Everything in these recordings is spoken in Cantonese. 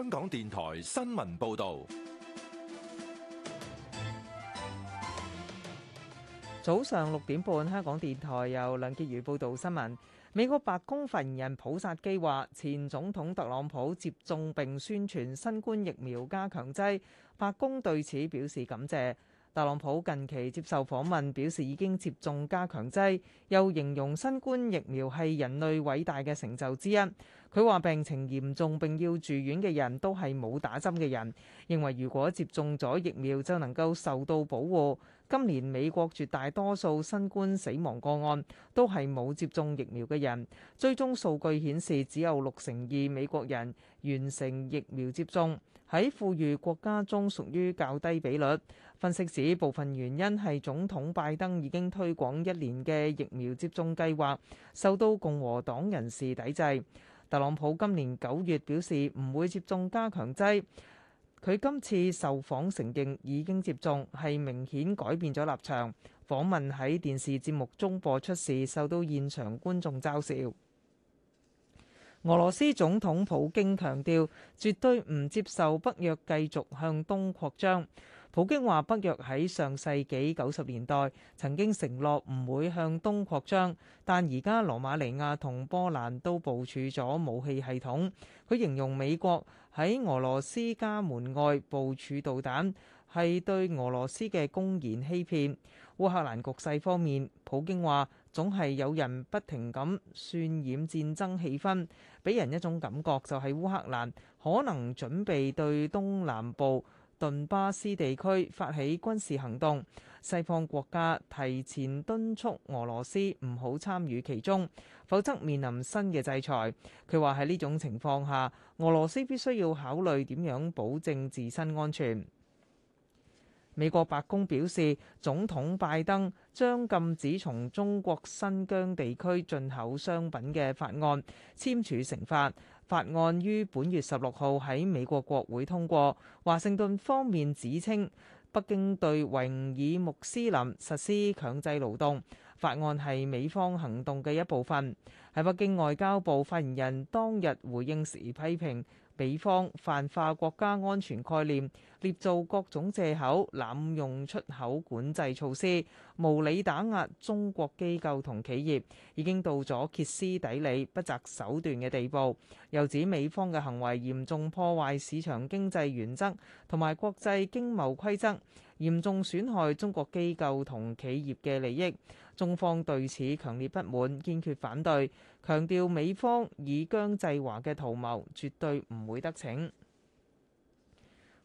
香港電台新聞報道，早上六點半，香港電台由梁潔如報道新聞。美國白宮發言人普薩基話，前總統特朗普接種並宣傳新冠疫苗加強劑，白宮對此表示感謝。特朗普近期接受訪問，表示已經接種加強劑，又形容新冠疫苗係人類偉大嘅成就之一。佢話：病情嚴重並要住院嘅人都係冇打針嘅人，認為如果接種咗疫苗，就能夠受到保護。今年美國絕大多數新冠死亡個案都係冇接種疫苗嘅人。最終數據顯示，只有六成二美國人完成疫苗接種，喺富裕國家中屬於較低比率。分析指部分原因係總統拜登已經推廣一年嘅疫苗接種計劃，受到共和黨人士抵制。特朗普今年九月表示唔會接種加強劑。佢今次受訪承認已經接種，係明顯改變咗立場。訪問喺電視節目中播出時，受到現場觀眾嘲笑。俄羅斯總統普京強調，絕對唔接受北約繼續向東擴張。普京話，北約喺上世紀九十年代曾經承諾唔會向東擴張，但而家羅馬尼亞同波蘭都部署咗武器系統。佢形容美國喺俄羅斯家門外部署導彈，係對俄羅斯嘅公然欺騙。烏克蘭局勢方面，普京話：總係有人不停咁渲染戰爭氣氛，俾人一種感覺就係烏克蘭可能準備對東南部。頓巴斯地區發起軍事行動，西方國家提前敦促俄羅斯唔好參與其中，否則面臨新嘅制裁。佢話喺呢種情況下，俄羅斯必須要考慮點樣保證自身安全。美國白宮表示，總統拜登將禁止從中國新疆地區進口商品嘅法案簽署成法。法案於本月十六號喺美國國會通過。華盛頓方面指稱，北京對維吾爾穆斯林實施強制勞動法案係美方行動嘅一部分。喺北京外交部發言人當日回應時批評。美方泛化國家安全概念，捏造各種借口，濫用出口管制措施，無理打壓中國機構同企業，已經到咗歇斯底里、不擇手段嘅地步。又指美方嘅行為嚴重破壞市場經濟原則同埋國際經貿規則，嚴重損害中國機構同企業嘅利益。中方對此強烈不滿，堅決反對，強調美方以疆制華嘅圖謀絕對唔會得逞。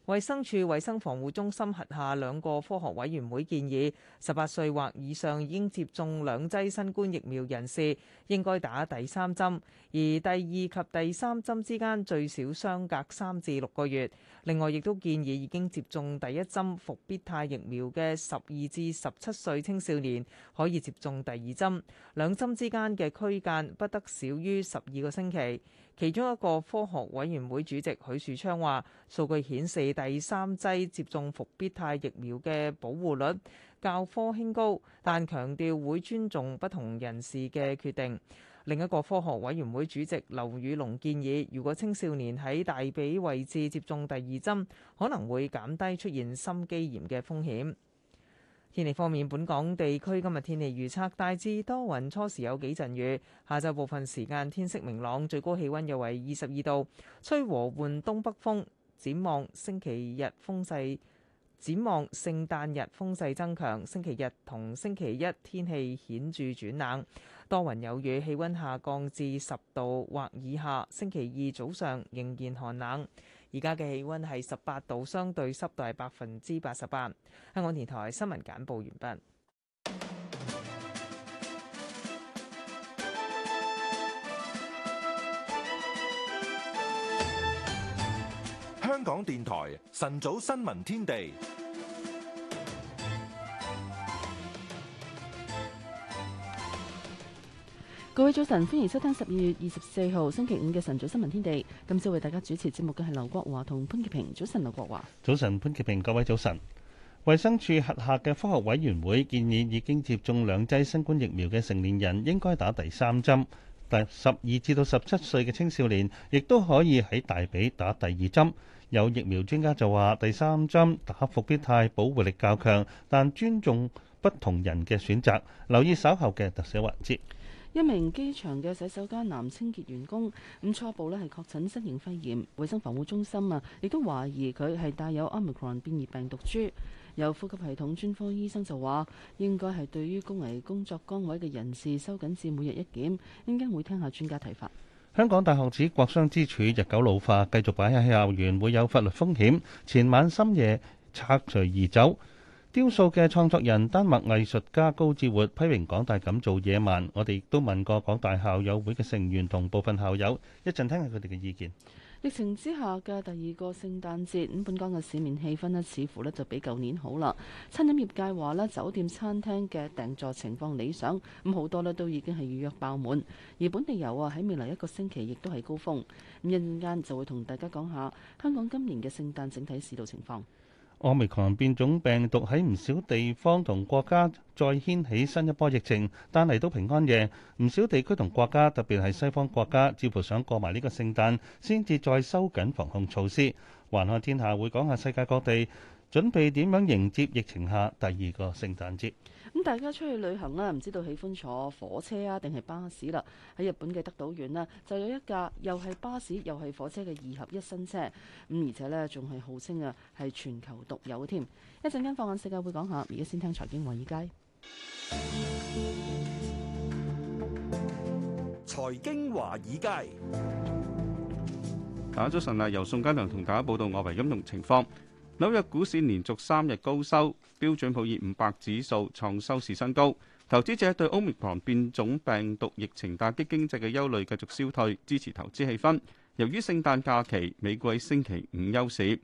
衛生署衛生防護中心轄下兩個科學委員會建議，十八歲或以上已經接種兩劑新冠疫苗人士，應該打第三針，而第二及第三針之間最少相隔三至六個月。另外，亦都建議已經接種第一針復必泰疫苗嘅十二至十七歲青少年，可以接種第二針，兩針之間嘅區間不得少於十二個星期。其中一個科學委員會主席許樹昌話，數據顯示第三劑接種復必泰疫苗嘅保護率較科興高，但強調會尊重不同人士嘅決定。另一個科學委員會主席劉宇龍建議，如果青少年喺大髀位置接種第二針，可能會減低出現心肌炎嘅風險。天氣方面，本港地區今日天，天氣預測大致多雲，初時有幾陣雨，下晝部分時間天色明朗，最高氣温約為二十二度，吹和緩東北風。展望星期日風勢，展望聖誕日風勢增強，星期日同星期一天氣顯著轉冷，多雲有雨，氣温下降至十度或以下。星期二早上仍然寒冷。而家嘅氣溫係十八度，相對濕度係百分之八十八。香港電台新聞簡報完畢。香港電台晨早新聞天地。各位早晨，歡迎收聽十二月二十四號星期五嘅晨早新聞天地。今朝為大家主持節目嘅係劉國華同潘潔平。早晨，劉國華。早晨，潘潔平。各位早晨。衛生署轄下嘅科學委員會建議已經接種兩劑新冠疫苗嘅成年人應該打第三針，第十二至到十七歲嘅青少年亦都可以喺大髀打第二針，有疫苗專家就話第三針打復必泰保護力較強，但尊重不同人嘅選擇，留意稍後嘅特寫環節。一名機場嘅洗手間男清潔員工咁初步咧係確診新型肺炎，衞生防護中心啊亦都懷疑佢係帶有 Omicron 變異病毒株。由呼吸系統專科醫生就話，應該係對於高危工作崗位嘅人士，收緊至每日一檢。應該會聽下專家睇法。香港大學指國殤之柱日久老化，繼續擺喺校園會有法律風險。前晚深夜拆除移走。雕塑嘅創作人丹麥藝術家高志活批評港大噉做野蠻。我哋亦都問過港大校友會嘅成員同部分校友，一陣聽下佢哋嘅意見。疫情之下嘅第二個聖誕節，咁本港嘅市面氣氛咧，似乎咧就比舊年好啦。餐飲業界話咧，酒店餐廳嘅訂座情況理想，咁好多咧都已經係預約爆滿。而本地遊啊，喺未來一個星期亦都係高峰。咁一陣間就會同大家講下香港今年嘅聖誕整體市道情況。奧密克戎變種病毒喺唔少地方同國家再掀起新一波疫情，但嚟到平安夜，唔少地區同國家特別係西方國家，似乎想過埋呢個聖誕，先至再收緊防控措施。環看天下會講下世界各地準備點樣迎接疫情下第二個聖誕節。咁大家出去旅行咧，唔知道喜歡坐火車啊定係巴士啦？喺日本嘅德島縣咧，就有一架又係巴士又係火車嘅二合一新車，咁而且咧仲係號稱啊係全球獨有添。一陣間放眼世界會講下，而家先聽財經華爾街。財經華爾街，大家早晨啦！由宋嘉良同大家報道外圍金融情況。紐約股市連續三日高收，標準普爾五百指數創收市新高。投資者對 Omicron 變種病毒疫情打擊經濟嘅憂慮繼續消退，支持投資氣氛。由於聖誕假期，美季星期五休市。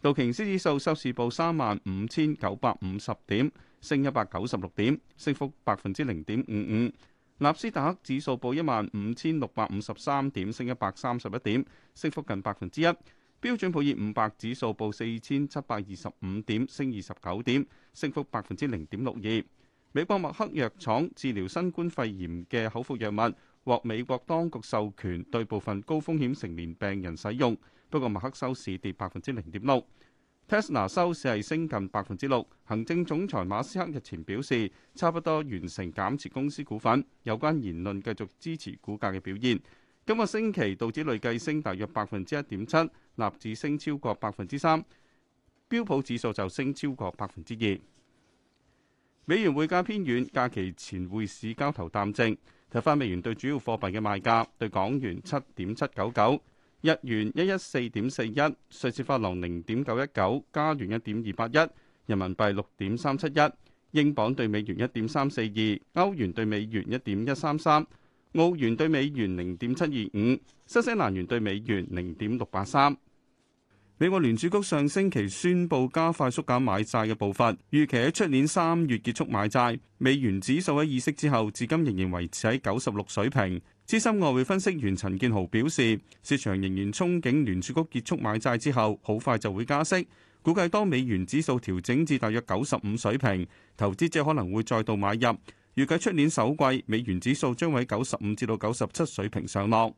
道瓊斯指數收市報三萬五千九百五十點，升一百九十六點，升幅百分之零點五五。納斯達克指數報一萬五千六百五十三點，升一百三十一點，升幅近百分之一。標準普爾五百指數報四千七百二十五點，升二十九點，升幅百分之零點六二。美國默克藥廠治療新冠肺炎嘅口服藥物獲美國當局授權對部分高風險成年病人使用，不過默克收市跌百分之零點六。tesla 收市係升近百分之六，行政總裁馬斯克日前表示，差不多完成減持公司股份，有關言論繼續支持股價嘅表現。今個星期，道指累計升大約百分之一點七，納指升超過百分之三，標普指數就升超過百分之二。美元匯價偏軟，假期前匯市交投淡靜。睇返美元對主要貨幣嘅賣價，對港元七點七九九，日元一一四點四一，瑞士法郎零點九一九，加元一點二八一，人民幣六點三七一，英鎊對美元一點三四二，歐元對美元一點一三三。澳元兌美元零點七二五，新西蘭元兌美元零點六八三。美國聯儲局上星期宣布加快縮減買債嘅步伐，預期喺出年三月結束買債，美元指數喺意識之後至今仍然維持喺九十六水平。資深外匯分析員陳建豪表示，市場仍然憧憬聯儲局結束買債之後好快就會加息。估計當美元指數調整至大約九十五水平，投資者可能會再度買入。預計出年首季美元指數將會喺九十五至到九十七水平上落。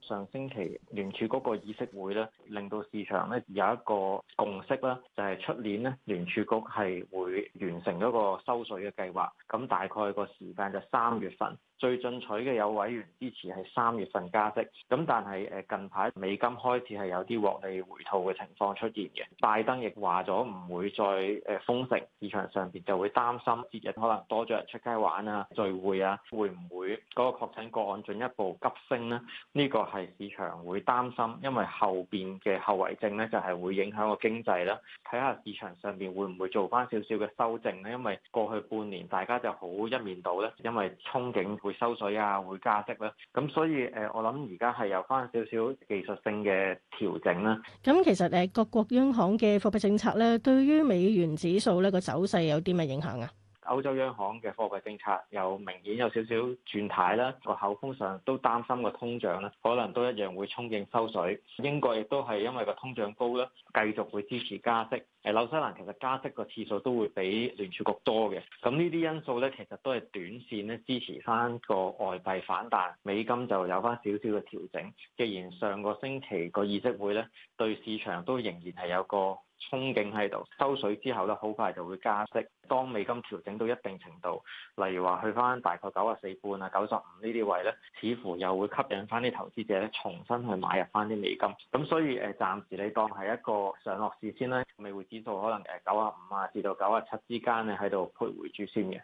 上星期聯儲嗰個議息會咧，令到市場咧有一個共識啦，就係、是、出年咧聯儲局係會完成嗰個收水嘅計劃，咁大概個時間就三月份。最進取嘅有委員支持係三月份加息，咁但係誒近排美金開始係有啲獲利回吐嘅情況出現嘅，拜登亦話咗唔會再誒封城，市場上邊就會擔心節日可能多咗人出街玩啊、聚會啊，會唔會嗰個確診個案進一步急升呢？呢個係市場會擔心，因為後邊嘅後遺症呢就係會影響個經濟啦。睇下市場上邊會唔會做返少少嘅修正呢？因為過去半年大家就好一面倒呢，因為憧憬。會收水啊，會加息咧、啊，咁所以誒、呃，我諗而家係有翻少少技術性嘅調整啦、啊。咁其實誒，各國央行嘅貨幣政策咧，對於美元指數咧個走勢有啲咩影響啊？歐洲央行嘅貨幣政策又明顯有少少轉軚啦，個口風上都擔心個通脹咧，可能都一樣會衝勁收水。英國亦都係因為個通脹高咧，繼續會支持加息。誒紐西蘭其實加息個次數都會比聯儲局多嘅。咁呢啲因素咧，其實都係短線咧支持翻個外幣反彈，美金就有翻少少嘅調整。既然上個星期個議息會咧對市場都仍然係有個憧憬喺度，收水之後咧，好快就會加息。當美金調整到一定程度，例如話去翻大概九十四半啊、九十五呢啲位咧，似乎又會吸引翻啲投資者咧重新去買入翻啲美金。咁所以誒，暫時你當係一個上落市先啦，美匯指數可能誒九十五啊至到九十七之間咧喺度徘徊住先嘅。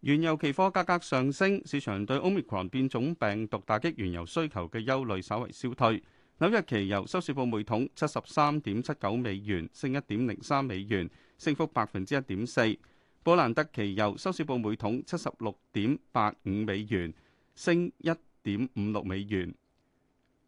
原油期貨價格上升，市場對 Omicron 變種病毒打擊原油需求嘅憂慮稍為消退。紐約期油收市報每桶七十三點七九美元，升一點零三美元，升幅百分之一點四。布蘭德期油收市報每桶七十六點八五美元，升一點五六美元。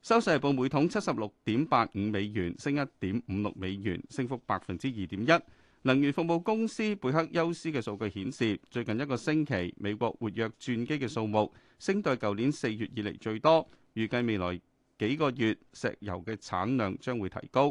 收市報每桶七十六點八五美元，升一點五六美元，升幅百分之二點一。能源服務公司貝克休斯嘅數據顯示，最近一個星期美國活躍鑽機嘅數目升到舊年四月以嚟最多，預計未來，幾個月石油嘅產量將會提高。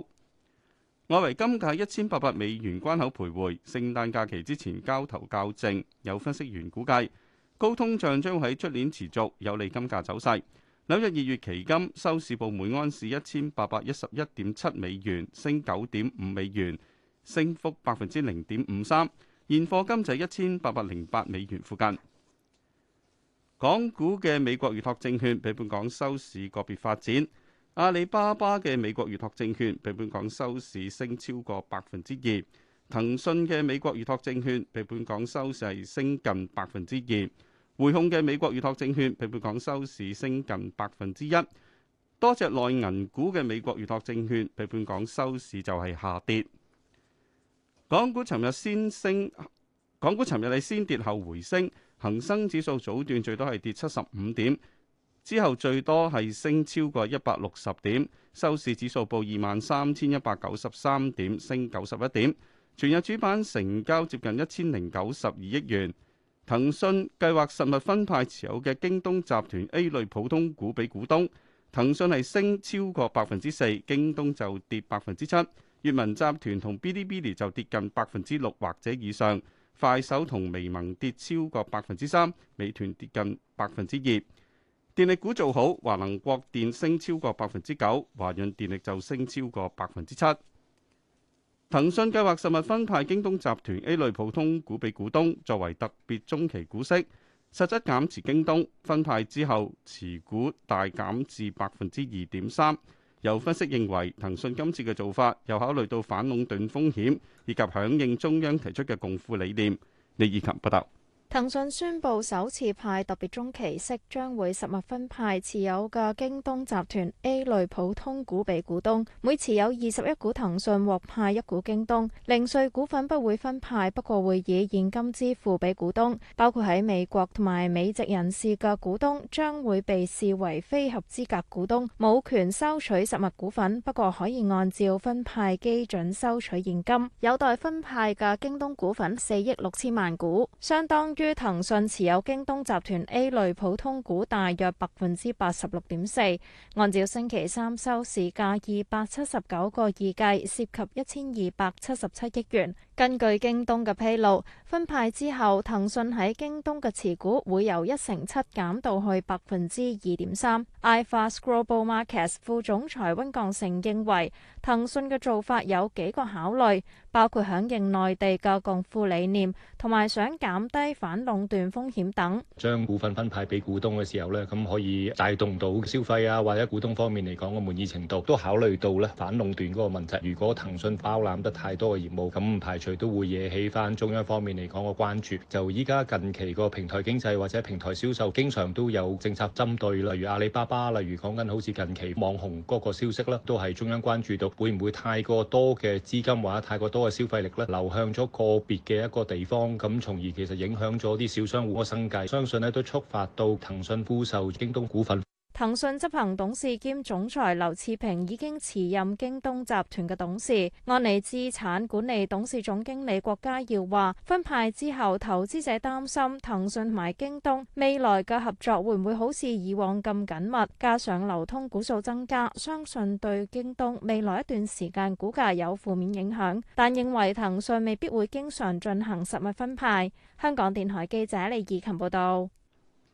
外圍金價一千八百美元關口徘徊，聖誕假期之前交投較靜。有分析員估計，高通脹將喺出年持續，有利金價走勢。紐約二月期金收市報每安士一千八百一十一點七美元，升九點五美元，升幅百分之零點五三。現貨金就喺一千八百零八美元附近。港股嘅美國預託證券比本港收市個別發展，阿里巴巴嘅美國預託證券比本港收市升超過百分之二，騰訊嘅美國預託證券比本，本港收市係升近百分之二，匯控嘅美國預託證券比本港收市升近百分之一，多隻內銀股嘅美國預託證券比本港收市就係下跌。港股尋日先升，港股尋日係先，先跌後回升。恒生指數早段最多係跌七十五點，之後最多係升超過一百六十點，收市指數報二萬三千一百九十三點，升九十一點。全日主板成交接近一千零九十二億元。騰訊計劃實物分派持有嘅京東集團 A 類普通股俾股東。騰訊係升超過百分之四，京東就跌百分之七。閲文集團同 Bilibili 就跌近百分之六或者以上。快手同微盟跌超過百分之三，美團跌近百分之二。電力股做好，華能國電升超過百分之九，華潤電力就升超過百分之七。騰訊計劃實物分派京東集團 A 類普通股俾股東，作為特別中期股息，實質減持京東，分派之後，持股大減至百分之二點三。有分析認為，騰訊今次嘅做法又考慮到反壟斷風險，以及響應中央提出嘅共富理念。李以琴報道。騰訊宣布首次派特別中期息，將會實物分派持有嘅京東集團 A 類普通股俾股東，每持有二十一股騰訊獲派一股京東。零碎股份不會分派，不過會以現金支付俾股東。包括喺美國同埋美籍人士嘅股東將會被視為非合資格股東，冇權收取實物股份，不過可以按照分派基準收取現金。有待分派嘅京東股份四億六千萬股，相當於。於騰訊持有京東集團 A 類普通股大約百分之八十六點四，按照星期三收市價二百七十九個二計，涉及一千二百七十七億元。根據京東嘅披露，分派之後，騰訊喺京東嘅持股會由一成七減到去百分之二點三。iFast Global Markets 副總裁温鋼成認為，騰訊嘅做法有幾個考慮，包括響應內地嘅共富理念，同埋想減低反。壟斷風險等，將股份分派俾股東嘅時候呢，咁可以帶動到消費啊，或者股東方面嚟講個滿意程度，都考慮到咧反壟斷嗰個問題。如果騰訊包攬得太多嘅業務，咁唔排除都會惹起翻中央方面嚟講個關注。就依家近期個平台經濟或者平台銷售，經常都有政策針對，例如阿里巴巴，例如講緊好似近期網紅嗰個消息啦，都係中央關注到會唔會太過多嘅資金或者太過多嘅消費力咧流向咗個別嘅一個地方，咁從而其實影響咗啲小商戶個生計，相信咧都觸發到騰訊、富秀、京東股份。騰訊執行董事兼總裁劉熾平已經辭任京東集團嘅董事，安里資產管理董事總經理郭家耀話：分派之後，投資者擔心騰訊同埋京東未來嘅合作會唔會好似以往咁緊密。加上流通股數增加，相信對京東未來一段時間股價有負面影響。但認為騰訊未必會經常進行實物分派。香港電台記者李義琴報道。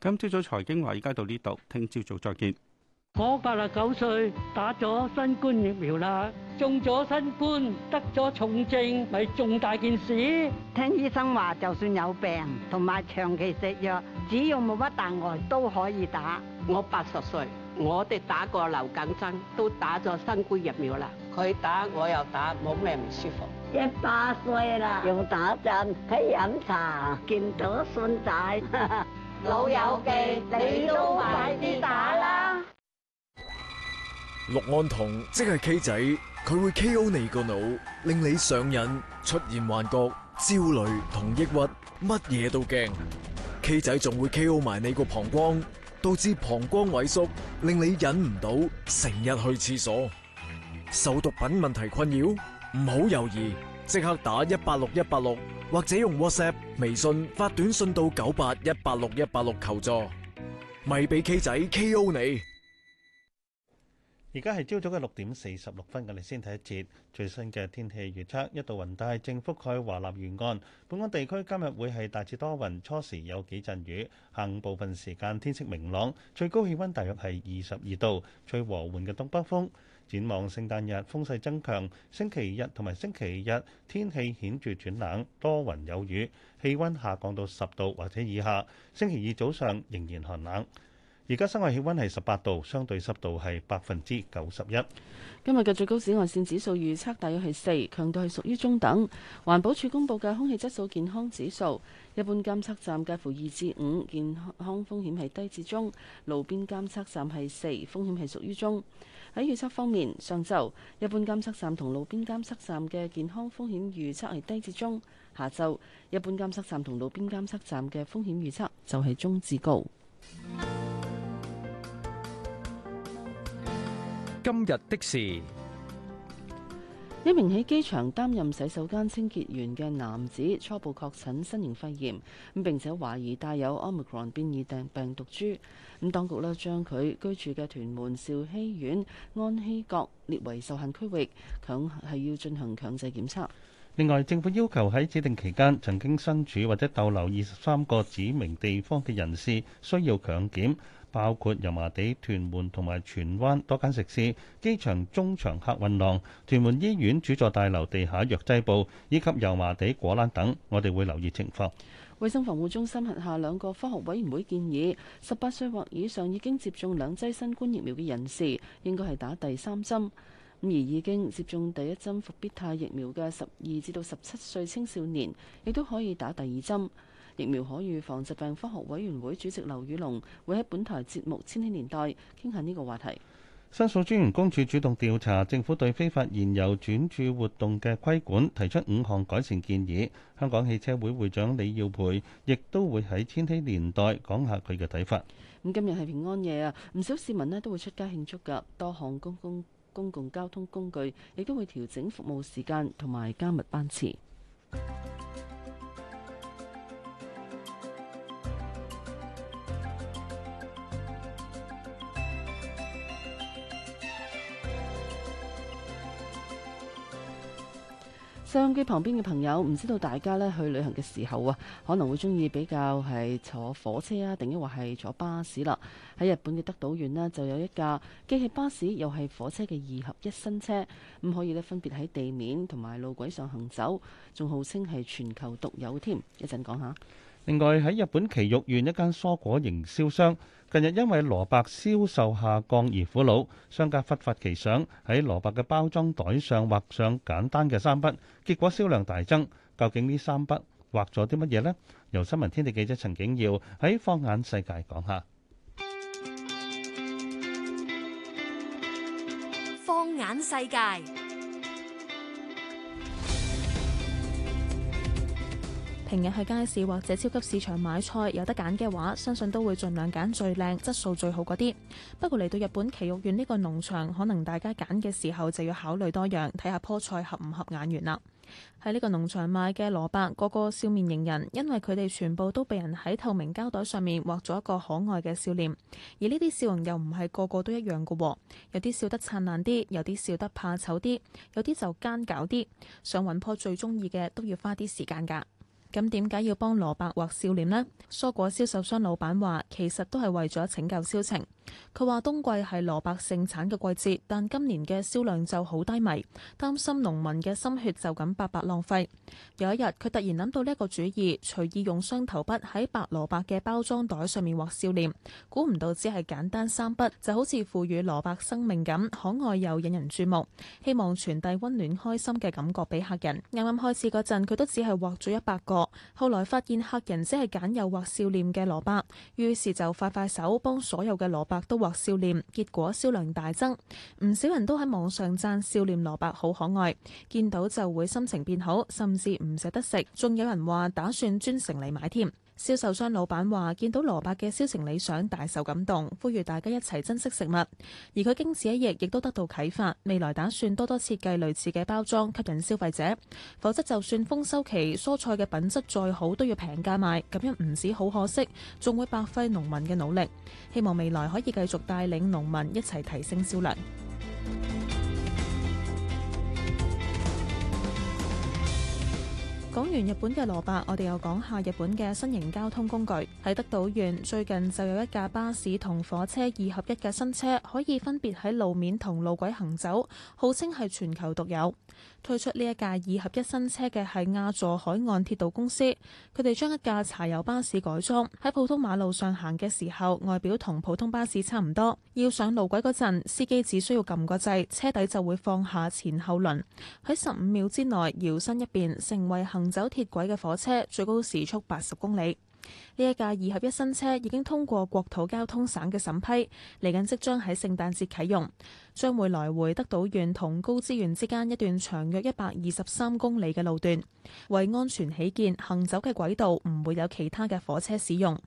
今朝早財經話而家到呢度，聽朝早再見。我八十九歲，打咗新冠疫苗啦，中咗新冠，得咗重症，咪重大件事。聽醫生話，就算有病同埋長期食藥，只要冇乜大礙都可以打。我八十歲，我哋打過流感針，都打咗新冠疫苗啦。佢打我又打，冇咩唔舒服。一百歲啦，用打針喺飲茶見到信仔。老友記，你都快啲打啦！氯胺酮即係 K 仔，佢會 KO 你個腦，令你上癮、出現幻覺、焦慮同抑鬱，乜嘢都驚。K 仔仲會 KO 埋你個膀胱，導致膀胱萎縮，令你忍唔到，成日去廁所，受毒品問題困擾，唔好猶豫。即刻打一八六一八六，6，或者用 WhatsApp、微信發短信到九八一八六一八六求助，咪俾 K 仔 KO 你。而家係朝早嘅六點四十六分，我哋先睇一節最新嘅天氣預測。一道雲帶正覆蓋華南沿岸，本港地區今日會係大致多雲，初時有幾陣雨，下午部分時間天色明朗，最高氣溫大約係二十二度，吹和緩嘅東北風。展望聖誕日風勢增強，星期一同埋星期日天氣顯著轉冷，多雲有雨，氣温下降到十度或者以下。星期二早上仍然寒冷。而家室外氣溫係十八度，相對濕度係百分之九十一。今日嘅最高紫外線指數預測大約係四，強度係屬於中等。環保署公布嘅空氣質素健康指數，一般監測站介乎二至五，健康風險係低至中；路邊監測站係四，風險係屬於中。喺預測方面，上晝，一般監測站同路邊監測站嘅健康風險預測係低至中；下晝，一般監測站同路邊監測站嘅風險預測就係中至高。今日的是。一名喺機場擔任洗手間清潔員嘅男子初步確診新型肺炎咁，並且懷疑帶有 Omicron 變異病病毒株。咁當局咧，將佢居住嘅屯門兆禧苑安禧閣列為受限區域，強係要進行強制檢測。另外，政府要求喺指定期間曾經身處或者逗留二十三個指明地方嘅人士需要強檢。包括油麻地、屯門同埋荃灣多間食肆、機場中場客運廊、屯門醫院主座大樓地下藥劑部，以及油麻地果欄等，我哋會留意情況。衛生防護中心轄下兩個科學委員會建議，十八歲或以上已經接種兩劑新冠疫苗嘅人士，應該係打第三針。咁而已經接種第一針復必泰疫苗嘅十二至到十七歲青少年，亦都可以打第二針。疫苗可預防疾病科學委員會主席劉宇龍會喺本台節目《千禧年代》傾下呢個話題。申訴專員公署主動調查政府對非法燃油轉注活動嘅規管，提出五項改善建議。香港汽車會會長李耀培亦都會喺《千禧年代》講下佢嘅睇法。咁今日係平安夜啊，唔少市民咧都會出街慶祝㗎。多項公共公共交通工具亦都會調整服務時間同埋加密班次。相機旁邊嘅朋友，唔知道大家呢去旅行嘅時候啊，可能會中意比較係坐火車啊，定抑或係坐巴士啦。喺日本嘅德島縣呢，就有一架既係巴士，又係火車嘅二合一新車，咁可以呢，分別喺地面同埋路軌上行走，仲號稱係全球獨有添。一陣講下。另外喺日本埼玉縣一間蔬果營銷商。近日因為蘿蔔銷售下降而苦惱，商家忽發奇想，喺蘿蔔嘅包裝袋上畫上簡單嘅三筆，結果銷量大增。究竟呢三筆畫咗啲乜嘢呢？由新聞天地記者陳景耀喺放眼世界講下。放眼世界。平日去街市或者超級市場買菜，有得揀嘅話，相信都會盡量揀最靚、質素最好嗰啲。不過嚟到日本埼玉縣呢個農場，可能大家揀嘅時候就要考慮多樣，睇下棵菜合唔合眼緣啦。喺呢個農場買嘅蘿蔔個個笑面迎人，因為佢哋全部都被人喺透明膠袋上面畫咗一個可愛嘅笑臉。而呢啲笑容又唔係個個都一樣㗎喎，有啲笑得燦爛啲，有啲笑得怕醜啲，有啲就奸狡啲。想揾棵最中意嘅都要花啲時間噶。咁點解要幫蘿蔔畫笑臉呢？蔬果銷售商老闆話：其實都係為咗拯救銷情。佢話：冬季係蘿蔔盛產嘅季節，但今年嘅銷量就好低迷，擔心農民嘅心血就咁白白浪費。有一日，佢突然諗到呢個主意，隨意用雙頭筆喺白蘿蔔嘅包裝袋上面畫笑臉。估唔到，只係簡單三筆，就好似賦予蘿蔔生命咁，可愛又引人注目。希望傳遞温暖、開心嘅感覺俾客人。啱啱開始嗰陣，佢都只係畫咗一百個，後來發現客人只係揀有畫笑臉嘅蘿蔔，於是就快快手幫所有嘅蘿蔔。都畫笑臉，結果銷量大增，唔少人都喺網上讚笑臉蘿蔔好可愛，見到就會心情變好，甚至唔捨得食，仲有人話打算專程嚟買添。銷售商老闆話：見到蘿蔔嘅銷情理想，大受感動，呼籲大家一齊珍惜食物。而佢經此一役，亦都得到啟發，未來打算多多設計類似嘅包裝，吸引消費者。否則，就算豐收期蔬菜嘅品質再好，都要平價賣，咁樣唔止好可惜，仲會白費農民嘅努力。希望未來可以繼續帶領農民一齊提升銷量。講完日本嘅蘿蔔，我哋又講下日本嘅新型交通工具。喺德島縣，最近就有一架巴士同火車二合一嘅新車，可以分別喺路面同路軌行走，號稱係全球獨有。推出呢一架二合一新車嘅係亞座海岸鐵道公司，佢哋將一架柴油巴士改裝，喺普通馬路上行嘅時候，外表同普通巴士差唔多。要上路軌嗰陣，司機只需要撳個掣，車底就會放下前後輪，喺十五秒之內搖身一變成為行走鐵軌嘅火車，最高時速八十公里。呢一架二合一新車已經通過國土交通省嘅審批，嚟緊即將喺聖誕節啟用，將會來回德島縣同高知縣之間一段長約一百二十三公里嘅路段。為安全起見，行走嘅軌道唔會有其他嘅火車使用。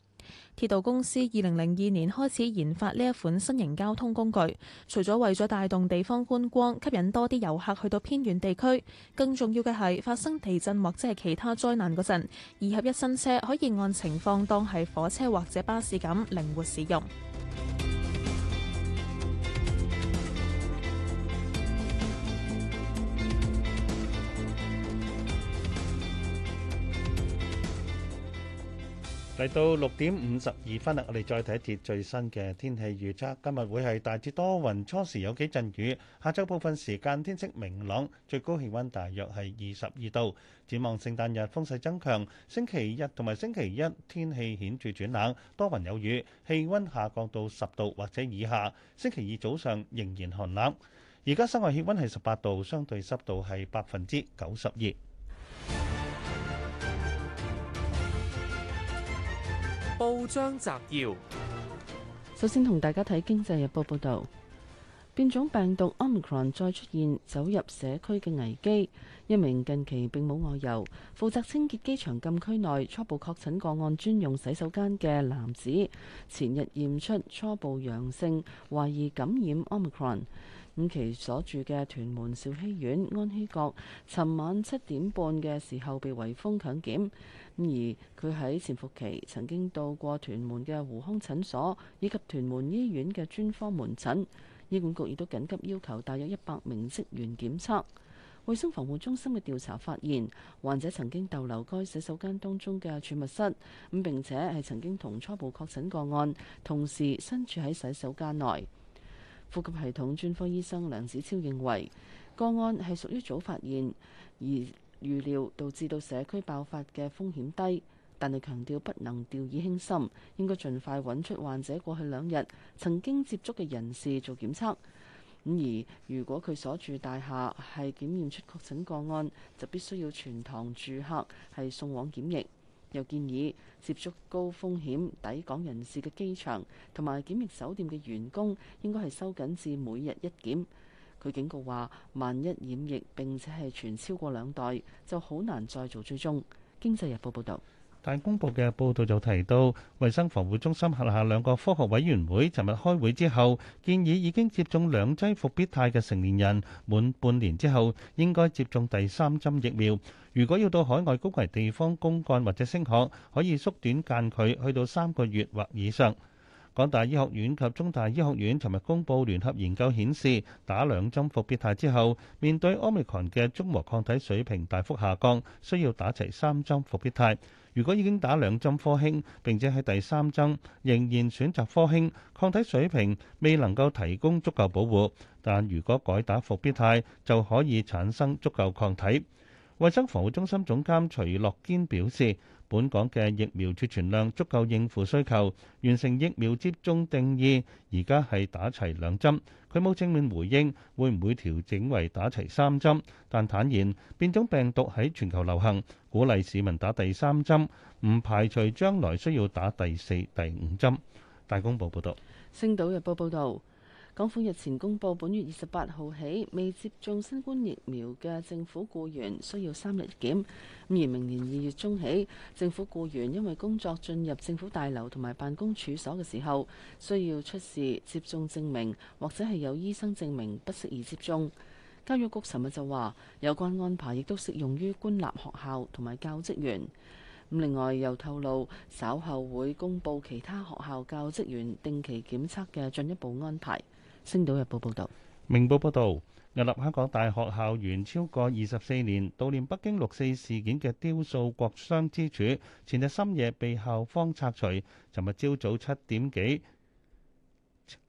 鐵道公司二零零二年開始研發呢一款新型交通工具，除咗為咗帶動地方觀光、吸引多啲遊客去到偏遠地區，更重要嘅係發生地震或者係其他災難嗰陣，二合一新車可以按情況當係火車或者巴士咁靈活使用。嚟到六點五十二分啦，我哋再睇一睇最新嘅天氣預測。今日會係大致多雲，初時有幾陣雨。下晝部分時間天色明朗，最高氣溫大約係二十二度。展望聖誕日風勢增強，星期日同埋星期一天氣顯著轉冷，多雲有雨，氣溫下降到十度或者以下。星期二早上仍然寒冷。而家室外氣溫係十八度，相對濕度係百分之九十二。報章摘要：首先同大家睇《經濟日報》報道，變種病毒 Omicron 再出現走入社區嘅危機。一名近期並冇外遊、負責清潔機場禁區內初步確診個案專用洗手間嘅男子，前日驗出初步陽性，懷疑感染 Omicron。五期所住嘅屯門兆禧苑安禧閣，尋晚七點半嘅時候被圍封強檢。而佢喺潛伏期曾經到過屯門嘅湖康診所，以及屯門醫院嘅專科門診。醫管局亦都緊急要求大約一百名職員檢測。衛生防護中心嘅調查發現，患者曾經逗留該洗手間當中嘅儲物室，咁並且係曾經同初步確診個案同時身處喺洗手間內。呼吸系統專科醫生梁子超認為，個案係屬於早發現，而預料導致到社區爆發嘅風險低，但係強調不能掉以輕心，應該盡快揾出患者過去兩日曾經接觸嘅人士做檢測。咁而如果佢所住大廈係檢驗出確診個案，就必須要全幢住客係送往檢疫。又建議接觸高風險抵港人士嘅機場同埋檢疫酒店嘅員工，應該係收緊至每日一檢。佢警告話：萬一染疫並且係傳超過兩代，就好難再做追蹤。經濟日報報道。但公布嘅報道就提到，衞生防護中心轄下兩個科學委員會尋日開會之後，建議已經接種兩劑復必泰嘅成年人滿半年之後應該接種第三針疫苗。如果要到海外高危地方公幹或者升學，可以縮短間距去到三個月或以上。港大醫學院及中大醫學院尋日公佈聯合研究顯示，打兩針復必泰之後，面對 Omicron 嘅中和抗體水平大幅下降，需要打齊三針復必泰。如果已經打兩針科興，並且喺第三針仍然選擇科興，抗體水平未能夠提供足夠保護；但如果改打復必泰，就可以產生足夠抗體。衛生防護中心總監徐樂堅表示，本港嘅疫苗儲存量足夠應付需求，完成疫苗接種定義，而家係打齊兩針。佢冇正面回應，會唔會調整為打齊三針，但坦言變種病毒喺全球流行，鼓勵市民打第三針，唔排除將來需要打第四、第五針。大公報報道。星島日報報道。港府日前公布，本月二十八號起，未接種新冠疫苗嘅政府雇員需要三日檢，而明年二月中起，政府雇員因為工作進入政府大樓同埋辦公處所嘅時候，需要出示接種證明，或者係有醫生證明不適宜接種，教育局尋日就話有關安排亦都適用於官立學校同埋教職員，另外又透露，稍後會公布其他學校教職員定期檢測嘅進一步安排。星島日報報道，明報報道，屹立香港大學校園超過二十四年悼念北京六四事件嘅雕塑國殤之柱，前日深夜被校方拆除。尋日朝早七點幾，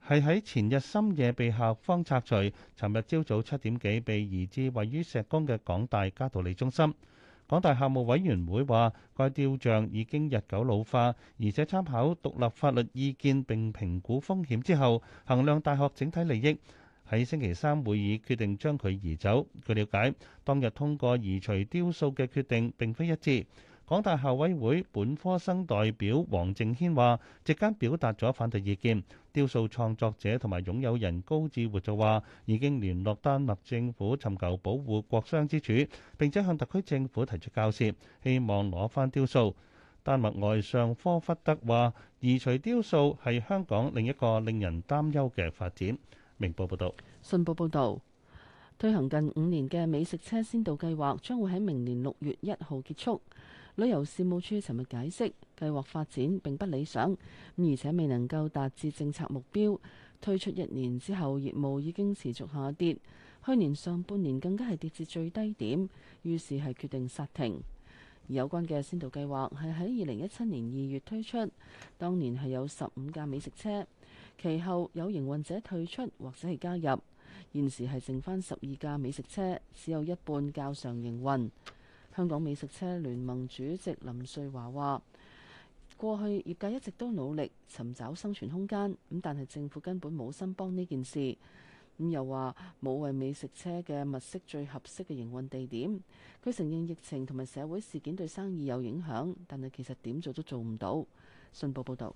係喺前日深夜被校方拆除。尋日朝早七點幾被移至位於石崗嘅港大嘉道理中心。港大校務委員會話，該雕像已經日久老化，而且參考獨立法律意見並評估風險之後，衡量大學整體利益，喺星期三會議決定將佢移走。據了解，當日通過移除雕塑嘅決定並非一致。港大校委會本科生代表黃正軒話，席間表達咗反對意見。雕塑創作者同埋擁有人高志活就話，已經聯絡丹麥政府尋求保護國殤之柱，並且向特區政府提出交涉，希望攞返雕塑。丹麥外相科弗德話，移除雕塑係香港另一個令人擔憂嘅發展。明報報道。信報報道，推行近五年嘅美食車先導計劃將會喺明年六月一號結束。旅遊事務處尋日解釋，計劃發展並不理想，而且未能夠達至政策目標。推出一年之後，業務已經持續下跌，去年上半年更加係跌至最低點，於是係決定煞停。而有關嘅先導計劃係喺二零一七年二月推出，當年係有十五架美食車，其後有營運者退出或者係加入，現時係剩翻十二架美食車，只有一半較常營運。香港美食車聯盟主席林瑞華話：過去業界一直都努力尋找生存空間，咁但係政府根本冇心幫呢件事。咁又話冇為美食車嘅物色最合適嘅營運地點。佢承認疫情同埋社會事件對生意有影響，但係其實點做都做唔到。信報報道。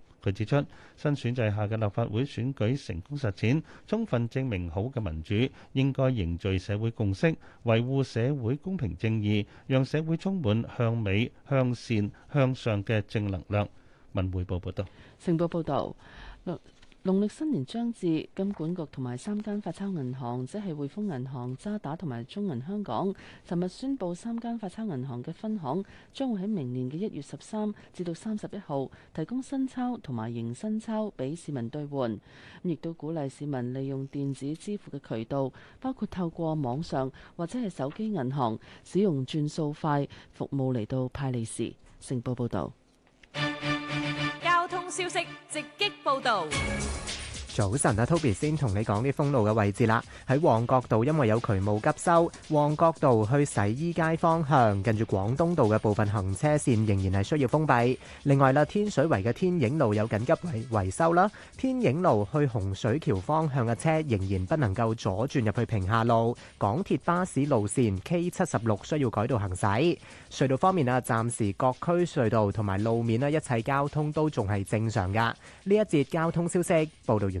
佢指出，新選制下嘅立法會選舉成功實踐，充分證明好嘅民主應該凝聚社會共識，維護社會公平正義，讓社會充滿向美、向善、向上嘅正能量。文匯報報道。成報報導。農曆新年將至，金管局同埋三間發鈔銀行，即係匯豐銀行、渣打同埋中銀香港，尋日宣布三間發鈔銀行嘅分行將會喺明年嘅一月十三至到三十一號提供新鈔同埋迎新鈔俾市民兌換，亦都鼓勵市民利用電子支付嘅渠道，包括透過網上或者係手機銀行使用轉數快服務嚟到派利是。成報報道。消息直擊報導。早晨啊，Toby 先同你講啲封路嘅位置啦。喺旺角道，因為有渠務急修，旺角道去洗衣街方向近住廣東道嘅部分行車線仍然係需要封閉。另外啦，天水圍嘅天影路有緊急維維修啦，天影路去洪水橋方向嘅車仍然不能夠左轉入去平下路。港鐵巴士路線 K 七十六需要改道行駛。隧道方面啊，暫時各區隧道同埋路面咧，一切交通都仲係正常噶。呢一節交通消息，報道完。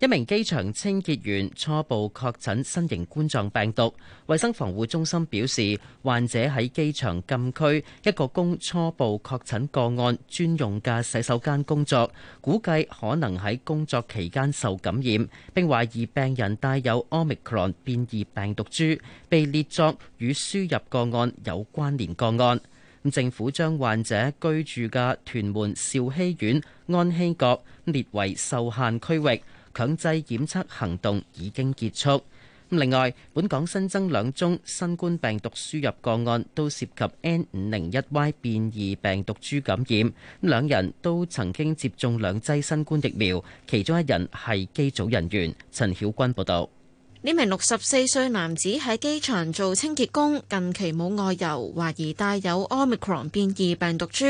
一名機場清潔員初步確診新型冠狀病毒。衛生防護中心表示，患者喺機場禁區一個供初步確診個案專用嘅洗手間工作，估計可能喺工作期間受感染，並懷疑病人帶有 Omicron 變異病毒株，被列作與輸入個案有關連個案。政府將患者居住嘅屯門兆禧苑安禧閣列為受限區域。強制檢測行動已經結束。另外，本港新增兩宗新冠病毒輸入個案，都涉及 N501Y 變異病毒株感染。兩人都曾經接種兩劑新冠疫苗，其中一人係機組人員。陳曉君報道。呢名六十四歲男子喺機場做清潔工，近期冇外遊，懷疑帶有 Omicron 變異病毒株。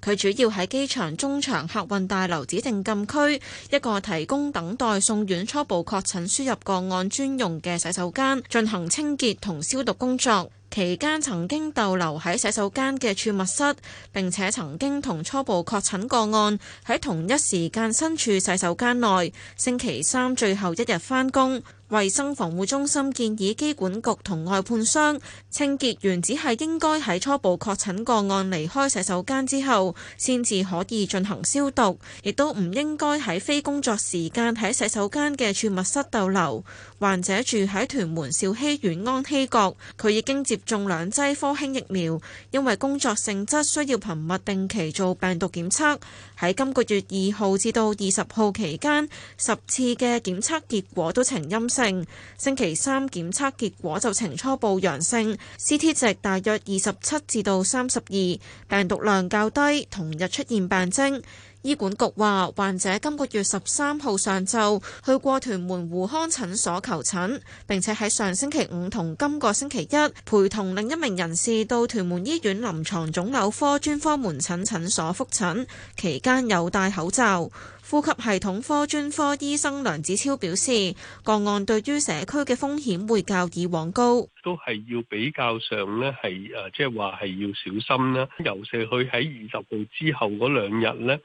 佢主要喺機場中場客運大樓指定禁區一個提供等待送院初步確診輸入個案專用嘅洗手間進行清潔同消毒工作，期間曾經逗留喺洗手間嘅儲物室，並且曾經同初步確診個案喺同一時間身處洗手間內。星期三最後一日返工。衛生防護中心建議機管局同外判商，清潔員只係應該喺初步確診個案離開洗手間之後，先至可以進行消毒，亦都唔應該喺非工作時間喺洗手間嘅儲物室逗留。患者住喺屯門兆禧苑安禧閣，佢已經接種兩劑科興疫苗，因為工作性質需要頻密定期做病毒檢測。喺今個月二號至到二十號期間，十次嘅檢測結果都呈陰性。星期三檢測結果就呈初步陽性，CT 值大約二十七至到三十二，病毒量較低，同日出現病徵。醫管局話，患者今個月十三號上晝去過屯門湖康診所求診，並且喺上星期五同今個星期一陪同另一名人士到屯門醫院臨床腫瘤科專科門診診所覆診，期間有戴口罩。呼吸系統科專科醫生梁子超表示，個案對於社區嘅風險會較以往高，都係要比較上呢係誒，即係話係要小心啦。尤其是佢喺二十號之後嗰兩日呢，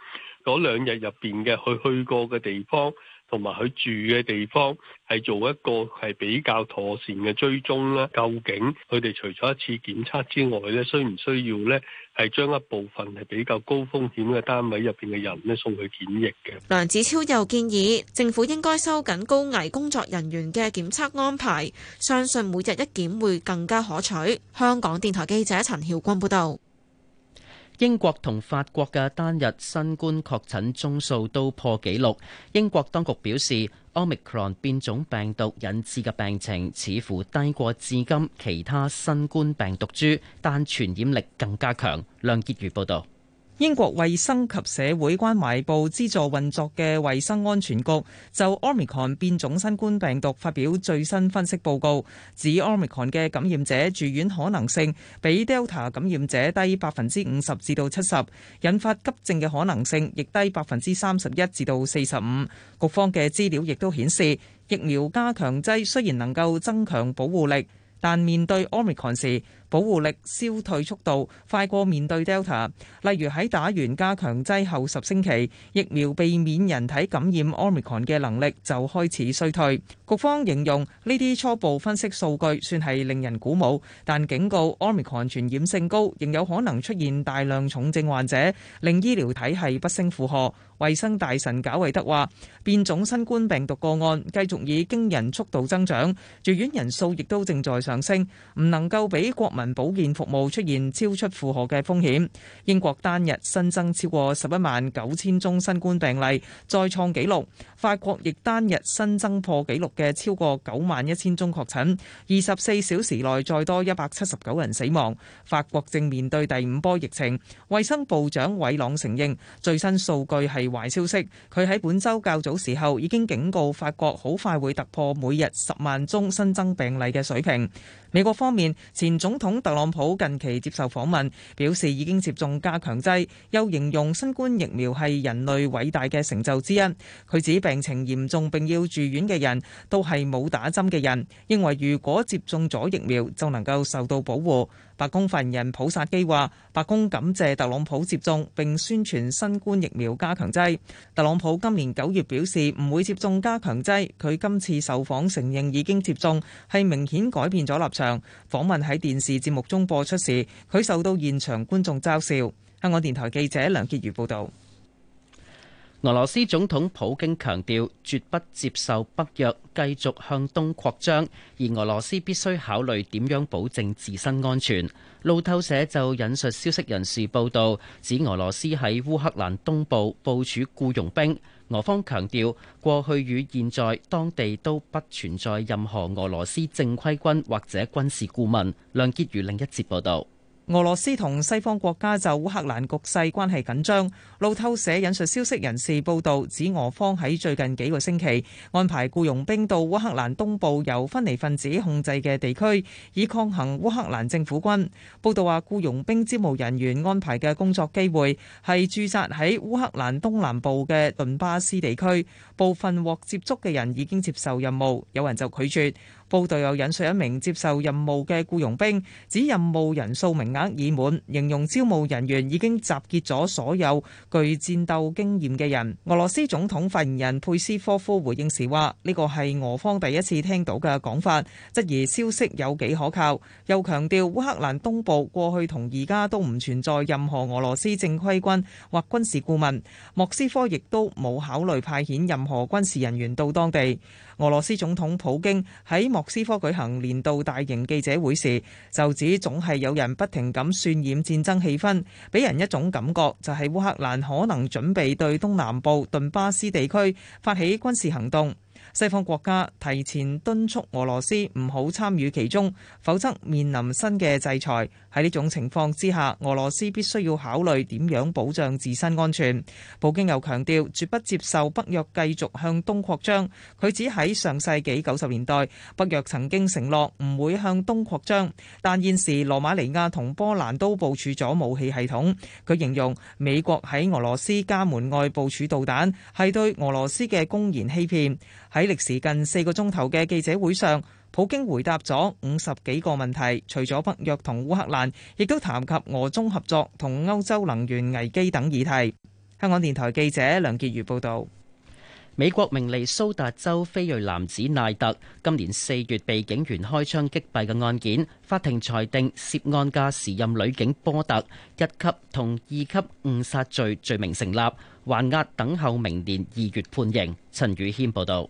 嗰兩日入邊嘅佢去過嘅地方。同埋佢住嘅地方，係做一個係比較妥善嘅追蹤啦。究竟佢哋除咗一次檢測之外咧，需唔需要咧係將一部分係比較高風險嘅單位入邊嘅人咧送去檢疫嘅？梁子超又建議政府應該收緊高危工作人員嘅檢測安排，相信每日一檢會更加可取。香港電台記者陳曉君報道。英國同法國嘅單日新冠確診宗數都破紀錄。英國當局表示，Omicron 變種病毒引致嘅病情似乎低過至今其他新冠病毒株，但傳染力更加強。梁潔如報道。英國衛生及社會關懷部資助運作嘅衛生安全局就 Omicron 變種新冠病毒發表最新分析報告，指 Omicron 嘅感染者住院可能性比 Delta 感染者低百分之五十至到七十，引發急症嘅可能性亦低百分之三十一至到四十五。局方嘅資料亦都顯示，疫苗加強劑雖然能夠增強保護力，但面對 Omicron 時，保護力消退速度快過面對 Delta，例如喺打完加強劑後十星期，疫苗避免人體感染 Omicron 嘅能力就開始衰退。局方形容，呢啲初步分析數據，算係令人鼓舞，但警告 Omicron 傳染性高，仍有可能出現大量重症患者，令醫療體系不勝負荷。衞生大臣賈維德話：變種新冠病毒個案繼續以驚人速度增長，住院人數亦都正在上升，唔能夠俾國民保健服務出現超出負荷嘅風險。英國單日新增超過十一萬九千宗新冠病例，再創紀錄。法國亦單日新增破紀錄嘅超過九萬一千宗確診，二十四小時內再多一百七十九人死亡。法國正面對第五波疫情，衛生部長韋朗承認最新數據係壞消息。佢喺本周較早時候已經警告法國好快會突破每日十萬宗新增病例嘅水平。美國方面，前總統特朗普近期接受訪問，表示已經接種加強劑，又形容新冠疫苗係人類偉大嘅成就之一。佢指病情嚴重並要住院嘅人都係冇打針嘅人，認為如果接種咗疫苗，就能夠受到保護。白宮發言人普薩基話：白宮感謝特朗普接種，並宣傳新冠疫苗加強劑。特朗普今年九月表示唔會接種加強劑，佢今次受訪承認已經接種，係明顯改變咗立場。訪問喺電視節目中播出時，佢受到現場觀眾嘲笑。香港電台記者梁潔如報道。俄羅斯總統普京強調，絕不接受北約繼續向東擴張，而俄羅斯必須考慮點樣保證自身安全。路透社就引述消息人士報道，指俄羅斯喺烏克蘭東部部部署僱傭兵。俄方強調，過去與現在當地都不存在任何俄羅斯正規軍或者軍事顧問。梁潔如另一節報道。俄羅斯同西方國家就烏克蘭局勢關係緊張。路透社引述消息人士報導，指俄方喺最近幾個星期安排僱傭兵到烏克蘭東部由分離分子控制嘅地區，以抗衡烏克蘭政府軍。報導話，僱傭兵招募人員安排嘅工作機會係駐紮喺烏克蘭東南部嘅頓巴斯地區，部分獲接觸嘅人已經接受任務，有人就拒絕。報道又引述一名接受任務嘅僱傭兵，指任務人數名額已滿，形容招募人員已經集結咗所有具戰鬥經驗嘅人。俄羅斯總統發言人佩斯科夫回應時話：呢個係俄方第一次聽到嘅講法，質疑消息有幾可靠，又強調烏克蘭東部過去同而家都唔存在任何俄羅斯正規軍或軍事顧問，莫斯科亦都冇考慮派遣任何軍事人員到當地。俄羅斯總統普京喺莫斯科舉行年度大型記者會時，就指總係有人不停咁渲染戰爭氣氛，俾人一種感覺就係烏克蘭可能準備對東南部頓巴斯地區發起軍事行動。西方國家提前敦促俄羅斯唔好參與其中，否則面臨新嘅制裁。喺呢種情況之下，俄羅斯必須要考慮點樣保障自身安全。普京又強調，絕不接受北約繼續向東擴張。佢指喺上世紀九十年代，北約曾經承諾唔會向東擴張，但現時羅馬尼亞同波蘭都部署咗武器系統。佢形容美國喺俄羅斯家門外部署導彈，係對俄羅斯嘅公然欺騙。喺歷時近四個鐘頭嘅記者會上，普京回答咗五十幾個問題，除咗北約同烏克蘭，亦都談及俄中合作同歐洲能源危機等議題。香港電台記者梁潔如報道。美國明尼蘇達州非裔男子賴特今年四月被警員開槍擊斃嘅案件，法庭裁定涉案嘅時任女警波特一級同二級誤殺罪罪名成立，還押等候明年二月判刑。陳宇謙報道。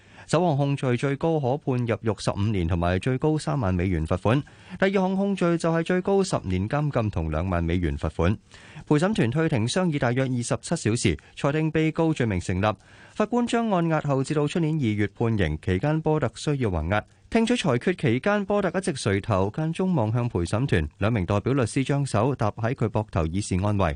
首項控罪最高可判入獄十五年同埋最高三萬美元罰款，第二項控罪就係最高十年監禁同兩萬美元罰款。陪審團退庭商議大約二十七小時，裁定被告罪名成立。法官將案押後至到出年二月判刑，期間波特需要還押。聽取裁決期間，波特一直垂頭，間中望向陪審團兩名代表律師，將手搭喺佢膊頭以示安慰。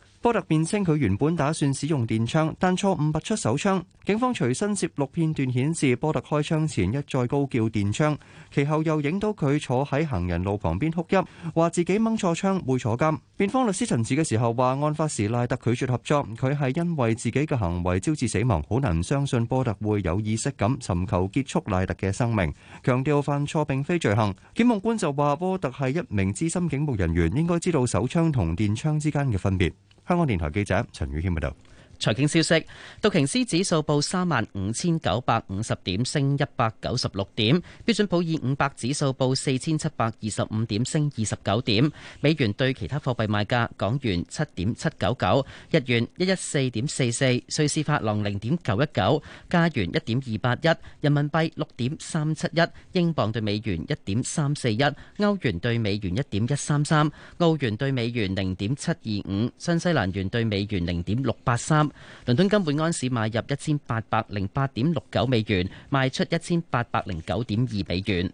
波特辯稱，佢原本打算使用電槍，但錯誤拔出手槍。警方隨身攝錄片段顯示，波特開槍前一再高叫電槍，其後又影到佢坐喺行人路旁邊哭泣，話自己掹錯槍會坐監。辯方律師陳詞嘅時候話，案發時賴特拒絕合作，佢係因為自己嘅行為招致死亡，好難相信波特會有意識咁尋求結束賴特嘅生命。強調犯錯並非罪行。檢控官就話，波特係一名資深警務人員，應該知道手槍同電槍之間嘅分別。香港電台記者陳宇謙報道。財經消息：道瓊斯指數報三萬五千九百五十點，升一百九十六點；標準普爾五百指數報四千七百二十五點，升二十九點。美元對其他貨幣賣價：港元七點七九九，日元一一四點四四，瑞士法郎零點九一九，加元一點二八一，人民幣六點三七一，英鎊對美元一點三四一，歐元對美元一點一三三，澳元對美元零點七二五，新西蘭元對美元零點六八三。倫敦金每安士買入一千八百零八點六九美元，賣出一千八百零九點二美元。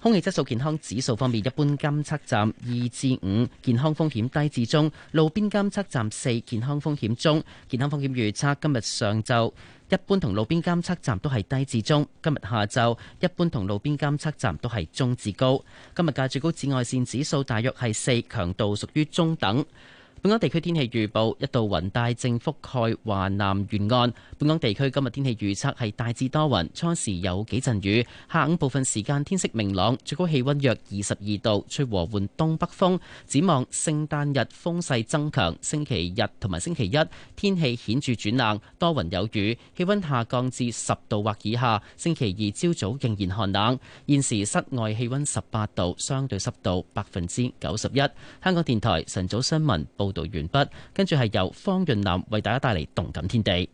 空氣質素健康指數方面，一般監測站二至五，健康風險低至中；路邊監測站四，健康風險中。健康風險預測今日上晝一般同路邊監測站都係低至中，今日下晝一般同路邊監測站都係中至高。今日嘅最高紫外線指數大約係四，強度屬於中等。本港地區天氣預報，一道雲帶正覆蓋華南沿岸。本港地區今日天氣預測係大致多雲初時有幾陣雨，下午部分時間天色明朗，最高氣溫約二十二度，吹和緩東北風，展望聖誕日風勢增強，星期日同埋星期一天氣顯著轉冷，多雲有雨，氣溫下降至十度或以下。星期二朝早仍然寒冷。現時室外氣溫十八度，相對濕度百分之九十一。香港電台晨早新聞報。到完畢，跟住係由方潤南為大家帶嚟動感天地。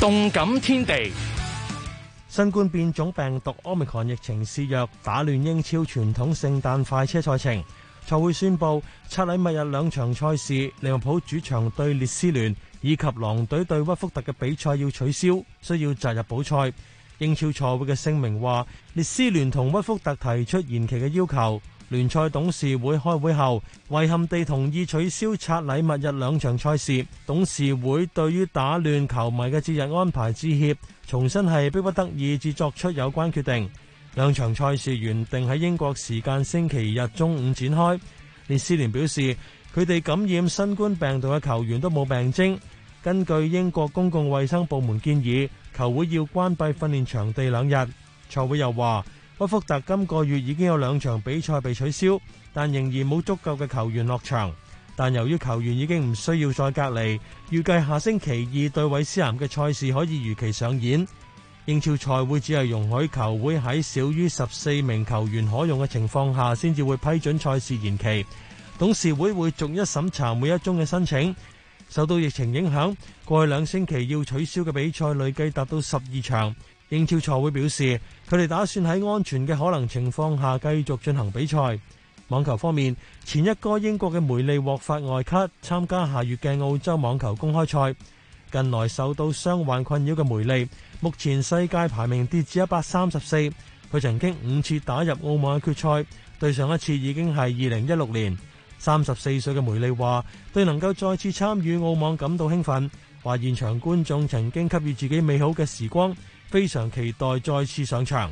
動感天地，新冠變種病毒 Omicron 疫情肆虐，打亂英超傳統聖誕快車賽程。賽會宣布，拆禮物日兩場賽事，利物浦主場對列斯聯以及狼隊對屈福特嘅比賽要取消，需要擇日補賽。英超賽會嘅聲明話：列斯聯同屈福特提出延期嘅要求，聯賽董事會開會後遺憾地同意取消拆禮物日兩場賽事。董事會對於打亂球迷嘅節日安排致歉，重新係迫不得已至作出有關決定。兩場賽事原定喺英國時間星期日中午展開。列斯聯表示，佢哋感染新冠病毒嘅球員都冇病徵。根據英國公共衛生部門建議，球會要關閉訓練場地兩日。賽會又話，屈福特今個月已經有兩場比賽被取消，但仍然冇足夠嘅球員落場。但由於球員已經唔需要再隔離，預計下星期二對韋斯咸嘅賽事可以如期上演。英超賽會只係容許球會喺少於十四名球員可用嘅情況下，先至會批准賽事延期。董事會會逐一審查每一宗嘅申請。受到疫情影響，過去兩星期要取消嘅比賽累計達到十二場。英超賽會表示，佢哋打算喺安全嘅可能情況下繼續進行比賽。網球方面，前一個英國嘅梅利獲發外卡，參加下月嘅澳洲網球公開賽。近來受到傷患困擾嘅梅利，目前世界排名跌至一百三十四。佢曾經五次打入澳網決賽，對上一次已經係二零一六年。三十四歲嘅梅利話：對能夠再次參與澳網感到興奮，話現場觀眾曾經給予自己美好嘅時光，非常期待再次上場。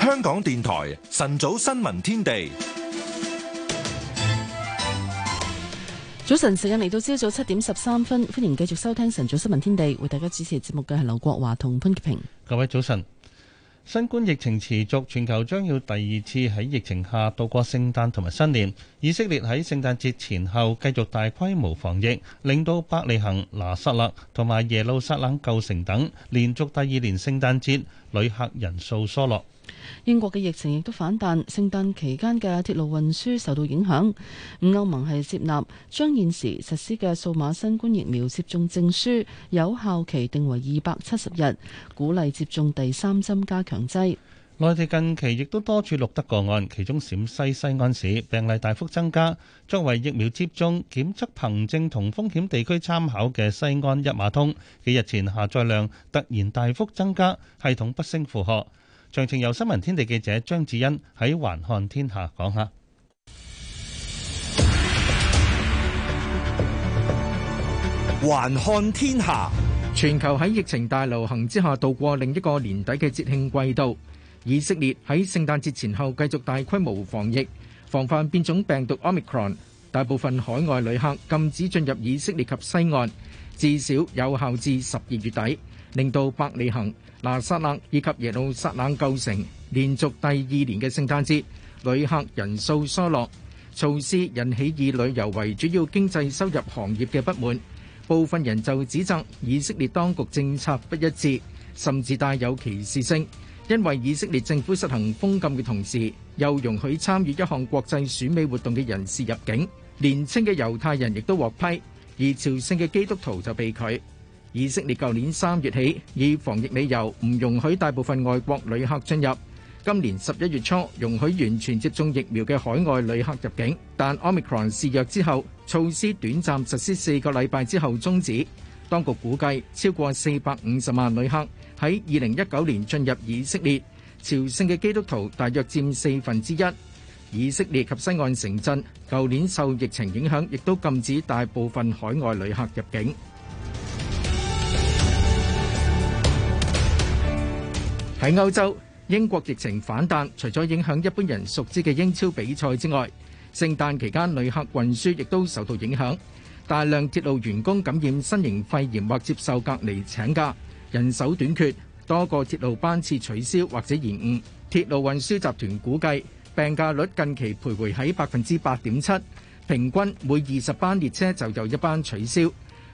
香港電台晨早新聞天地。早晨，時間嚟到朝早七點十三分，歡迎繼續收聽晨早新聞天地。為大家主持節目嘅係劉國華同潘潔平。各位早晨，新冠疫情持續，全球將要第二次喺疫情下度過聖誕同埋新年。以色列喺聖誕節前後繼續大規模防疫，令到伯利恆、拿撒勒同埋耶路撒冷舊城等連續第二年聖誕節旅客人數疏落。英國嘅疫情亦都反彈，聖誕期間嘅鐵路運輸受到影響。歐盟係接納將現時實施嘅數碼新冠疫苗接種證書有效期定為二百七十日，鼓勵接種第三針加強劑。內地近期亦都多處錄得個案，其中陝西西安市病例大幅增加。作為疫苗接種檢測憑證同風險地區參考嘅西安一碼通，幾日前下載量突然大幅增加，系統不勝負荷。詳情由新聞天地記者張子欣喺《環看天下》講下。環看天下，全球喺疫情大流行之下度過另一個年底嘅節慶季度。以色列喺聖誕節前後繼續大規模防疫，防範變種病毒 Omicron。大部分海外旅客禁止進入以色列及西岸，至少有效至十二月底，令到百里行。拿撒勒以及耶路撒冷舊城，連續第二年嘅聖誕節旅客人數疏落，措施引起以旅遊為主要經濟收入行業嘅不滿。部分人就指責以色列當局政策不一致，甚至帶有歧視性。因為以色列政府實行封禁嘅同時，又容許參與一項國際選美活動嘅人士入境，年青嘅猶太人亦都獲批，而朝聖嘅基督徒就被拒。以色列舊年三月起以防疫理由唔容許大部分外國旅客進入，今年十一月初容許完全接種疫苗嘅海外旅客入境，但 Omicron 肆虐之後，措施短暫實施四個禮拜之後終止。當局估計超過四百五十萬旅客喺二零一九年進入以色列，朝聖嘅基督徒大約佔四分之一。以色列及西岸城鎮舊年受疫情影響，亦都禁止大部分海外旅客入境。喺歐洲，英國疫情反彈，除咗影響一般人熟知嘅英超比賽之外，聖誕期間旅客運輸亦都受到影響。大量鐵路員工感染新型肺炎或接受隔離請假，人手短缺，多個鐵路班次取消或者延誤。鐵路運輸集團估計病假率近期徘徊喺百分之八點七，平均每二十班列車就有一班取消。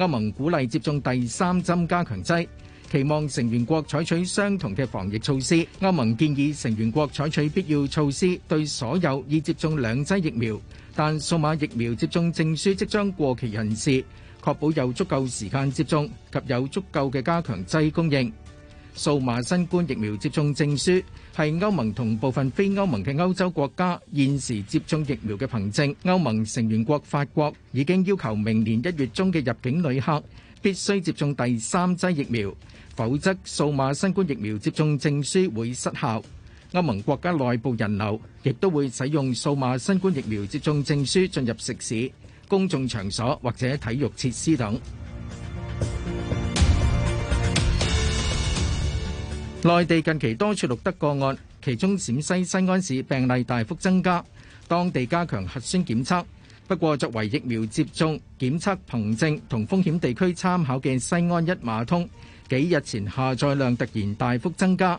歐盟鼓勵接種第三針加強劑，期望成員國採取相同嘅防疫措施。歐盟建議成員國採取必要措施，對所有已接種兩劑疫苗但數碼疫苗接種證書即將過期人士，確保有足夠時間接種及有足夠嘅加強劑供應。數碼新冠疫苗接種證書。係歐盟同部分非歐盟嘅歐洲國家現時接種疫苗嘅憑證。歐盟成員國法國已經要求明年一月中嘅入境旅客必須接種第三劑疫苗，否則數碼新冠疫苗接種證書會失效。歐盟國家內部人流亦都會使用數碼新冠疫苗接種證書進入食肆、公眾場所或者體育設施等。內地近期多處錄得個案，其中陝西西安市病例大幅增加，當地加強核酸檢測。不過，作為疫苗接種、檢測憑證同風險地區參考嘅西安一碼通，幾日前下載量突然大幅增加。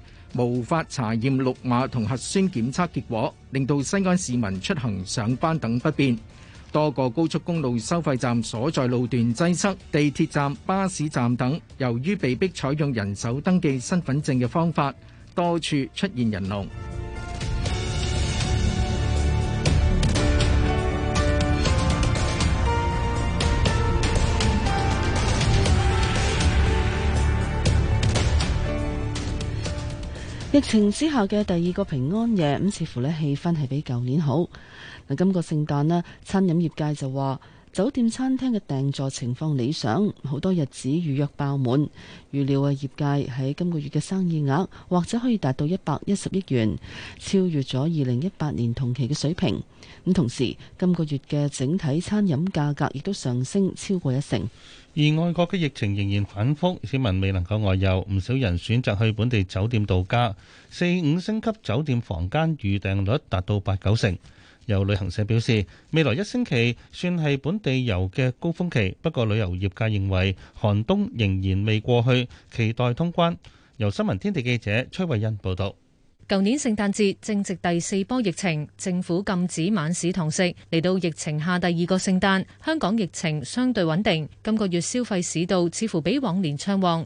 無法查驗綠碼同核酸檢測結果，令到西安市民出行上班等不便。多個高速公路收費站所在路段擠塞，地鐵站、巴士站等由於被迫採用人手登記身份證嘅方法，多處出現人龍。疫情之下嘅第二個平安夜，咁似乎呢氣氛係比舊年好。嗱，今個聖誕呢，餐飲業界就話酒店餐廳嘅訂座情況理想，好多日子預約爆滿。預料嘅業界喺今個月嘅生意額或者可以達到一百一十億元，超越咗二零一八年同期嘅水平。咁同時，今個月嘅整體餐飲價格亦都上升超過一成。而外國嘅疫情仍然反覆，市民未能夠外遊，唔少人選擇去本地酒店度假，四五星級酒店房間預訂率達到八九成。有旅行社表示，未來一星期算係本地遊嘅高峰期，不過旅遊業界認為寒冬仍然未過去，期待通關。由新聞天地記者崔慧欣報導。舊年聖誕節正值第四波疫情，政府禁止晚市堂食。嚟到疫情下第二個聖誕，香港疫情相對穩定，今個月消費市道似乎比往年暢旺。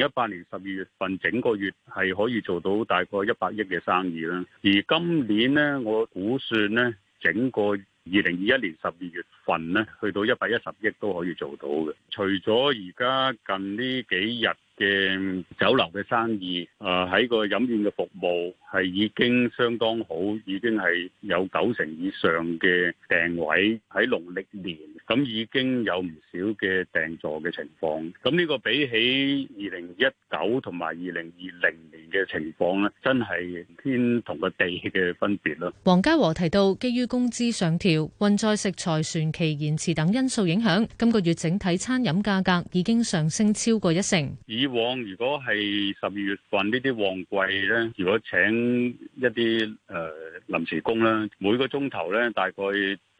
一八年十二月份，整個月係可以做到大概一百億嘅生意啦。而今年呢，我估算呢，整個二零二一年十二月份呢，去到一百一十億都可以做到嘅。除咗而家近呢幾日。嘅酒樓嘅生意，啊、呃、喺個飲宴嘅服務係已經相當好，已經係有九成以上嘅訂位喺農曆年，咁、嗯、已經有唔少嘅訂座嘅情況。咁、嗯、呢、這個比起二零一九同埋二零二零年。嘅情況咧，真係天同個地嘅分別咯。黃家和提到，基於工資上調、運載食材船期延遲等因素影響，今個月整體餐飲價格已經上升超過一成。以往如果係十二月份呢啲旺季咧，如果請一啲誒臨時工咧，每個鐘頭咧大概，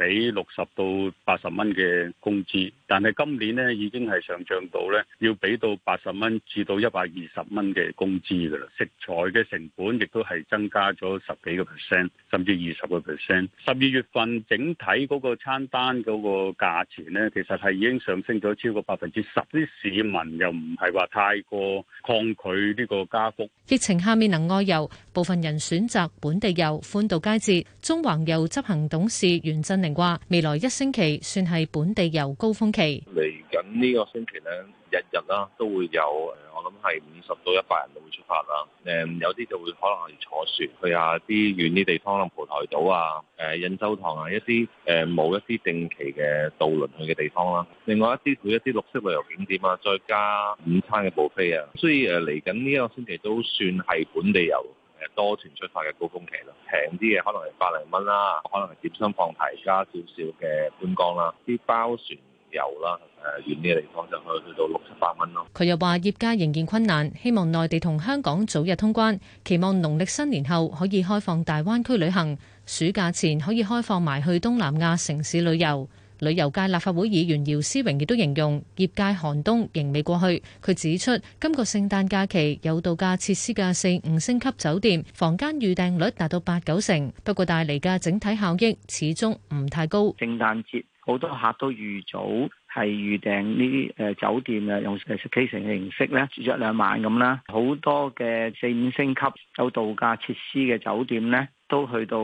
俾六十到八十蚊嘅工資，但係今年咧已經係上漲到咧要俾到八十蚊至到一百二十蚊嘅工資噶啦。食材嘅成本亦都係增加咗十幾個 percent，甚至二十個 percent。十二月份整體嗰個餐單嗰個價錢咧，其實係已經上升咗超過百分之十。啲市民又唔係話太過抗拒呢個加幅。疫情下面能外遊，部分人選擇本地遊。歡度佳節，中環遊執行董事袁振寧。話未來一星期算係本地遊高峰期，嚟緊呢個星期咧，日日啦都會有，我諗係五十到一百人都會出發啦。誒，有啲就會可能係坐船去下啲遠啲地方，啦蒲台島啊，誒，印洲塘啊，一啲誒冇一啲定期嘅渡輪去嘅地方啦、啊。另外一啲去一啲綠色旅遊景點啊，再加午餐嘅 buffet 啊，所以誒嚟緊呢個星期都算係本地遊多團出發嘅高峰期啦，平啲嘅可能係百零蚊啦，可能係點心放題加少少嘅觀光啦，啲包船遊啦，誒遠啲嘅地方就可以去到六七百蚊咯。佢又話業界仍然困難，希望內地同香港早日通關，期望農曆新年後可以開放大灣區旅行，暑假前可以開放埋去東南亞城市旅遊。旅遊界立法會議員姚思榮亦都形容業界寒冬仍未過去。佢指出，今個聖誕假期有度假設施嘅四五星級酒店房間預訂率達到八九成，不過帶嚟嘅整體效益始終唔太高。聖誕節好多客都預早係預訂呢啲誒酒店啊，用誒 staycation 嘅形式咧，住咗兩晚咁啦。好多嘅四五星級有度假設施嘅酒店咧，都去到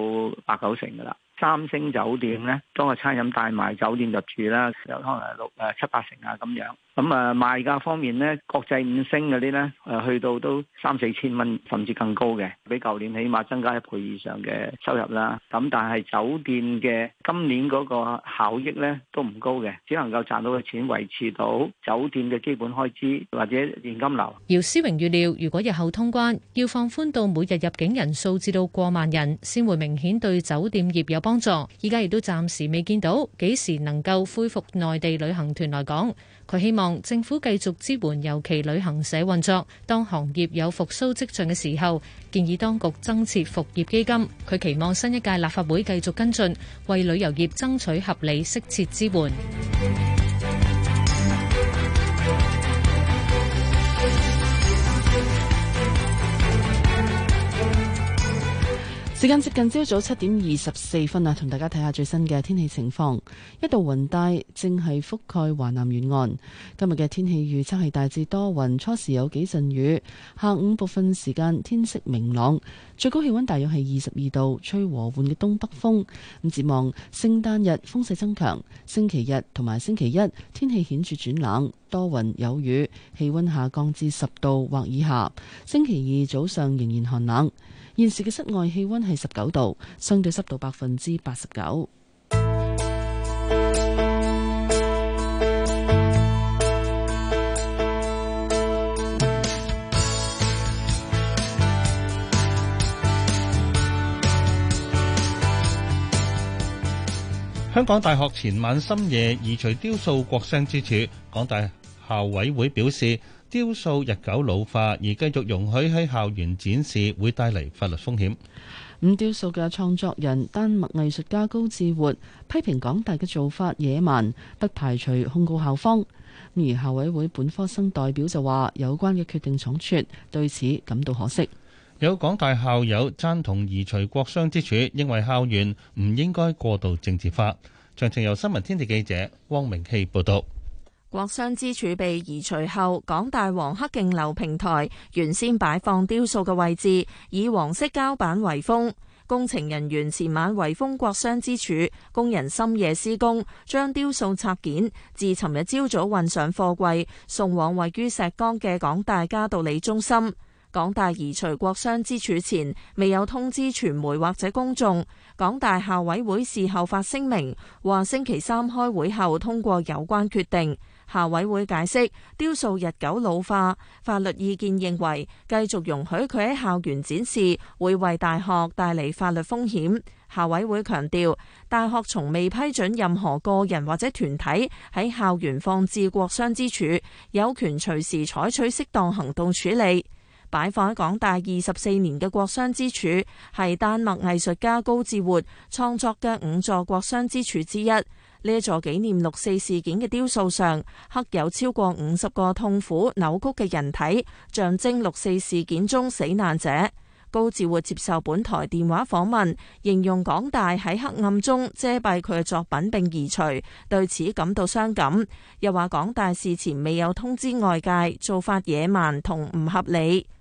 八九成噶啦。三星酒店呢，當個餐飲帶埋酒店入住啦，有可能六誒七八成啊咁樣。咁啊，賣價方面咧，國際五星嗰啲咧，誒去到都三四千蚊，甚至更高嘅，比舊年起碼增加一倍以上嘅收入啦。咁但係酒店嘅今年嗰個效益咧都唔高嘅，只能夠賺到嘅錢維持到酒店嘅基本開支或者現金流。姚思榮預料，如果日後通關要放寬到每日入境人數至到過萬人，先會明顯對酒店業有幫助。依家亦都暫時未見到幾時能夠恢復內地旅行團來港。佢希望政府繼續支援尤其旅行社運作，當行業有復甦跡象嘅時候，建議當局增設復業基金。佢期望新一屆立法會繼續跟進，為旅遊業爭取合理適切支援。時間接近朝早七點二十四分啊，同大家睇下最新嘅天氣情況。一道雲帶正係覆蓋華南沿岸。今日嘅天氣預測係大致多雲，初時有幾陣雨，下午部分時間天色明朗。最高氣溫大約係二十二度，吹和緩嘅東北風。咁展望聖誕日風勢增強，星期日同埋星期一天氣顯著轉冷，多雲有雨，氣溫下降至十度或以下。星期二早上仍然寒冷。現時嘅室外氣溫係十九度，相對濕度百分之八十九。香港大學前晚深夜移除雕塑《國殤之柱》，港大校委會表示，雕塑日久老化而繼續容許喺校園展示會帶嚟法律風險。五雕塑嘅創作人丹麥藝術家高志活批評港大嘅做法野蠻，不排除控告校方。而校委會本科生代表就話有關嘅決定重錯，對此感到可惜。有港大校友讚同移除國殤之柱，認為校園唔應該過度政治化。詳情由新聞天地記者汪明熙報道。國商之柱被移除後，港大黃克競樓平台原先擺放雕塑嘅位置以黃色膠板圍封。工程人員前晚圍封國商之柱，工人深夜施工，將雕塑拆件，至尋日朝早運上貨櫃，送往位於石崗嘅港大加道理中心。港大移除國商之柱前未有通知傳媒或者公眾，港大校委會事後發聲明話，星期三開會後通過有關決定。校委會解釋，雕塑日久老化，法律意見認為繼續容許佢喺校園展示會為大學帶嚟法律風險。校委會強調，大學從未批准任何個人或者團體喺校園放置國殤之柱，有權隨時採取適當行動處理。擺放喺港大二十四年嘅國殤之柱，係丹麥藝術家高志活創作嘅五座國殤之柱之一。呢座紀念六四事件嘅雕塑上，刻有超過五十個痛苦扭曲嘅人體，象徵六四事件中死難者。高志活接受本台電話訪問，形容港大喺黑暗中遮蔽佢嘅作品並移除，對此感到傷感。又話港大事前未有通知外界，做法野蠻同唔合理。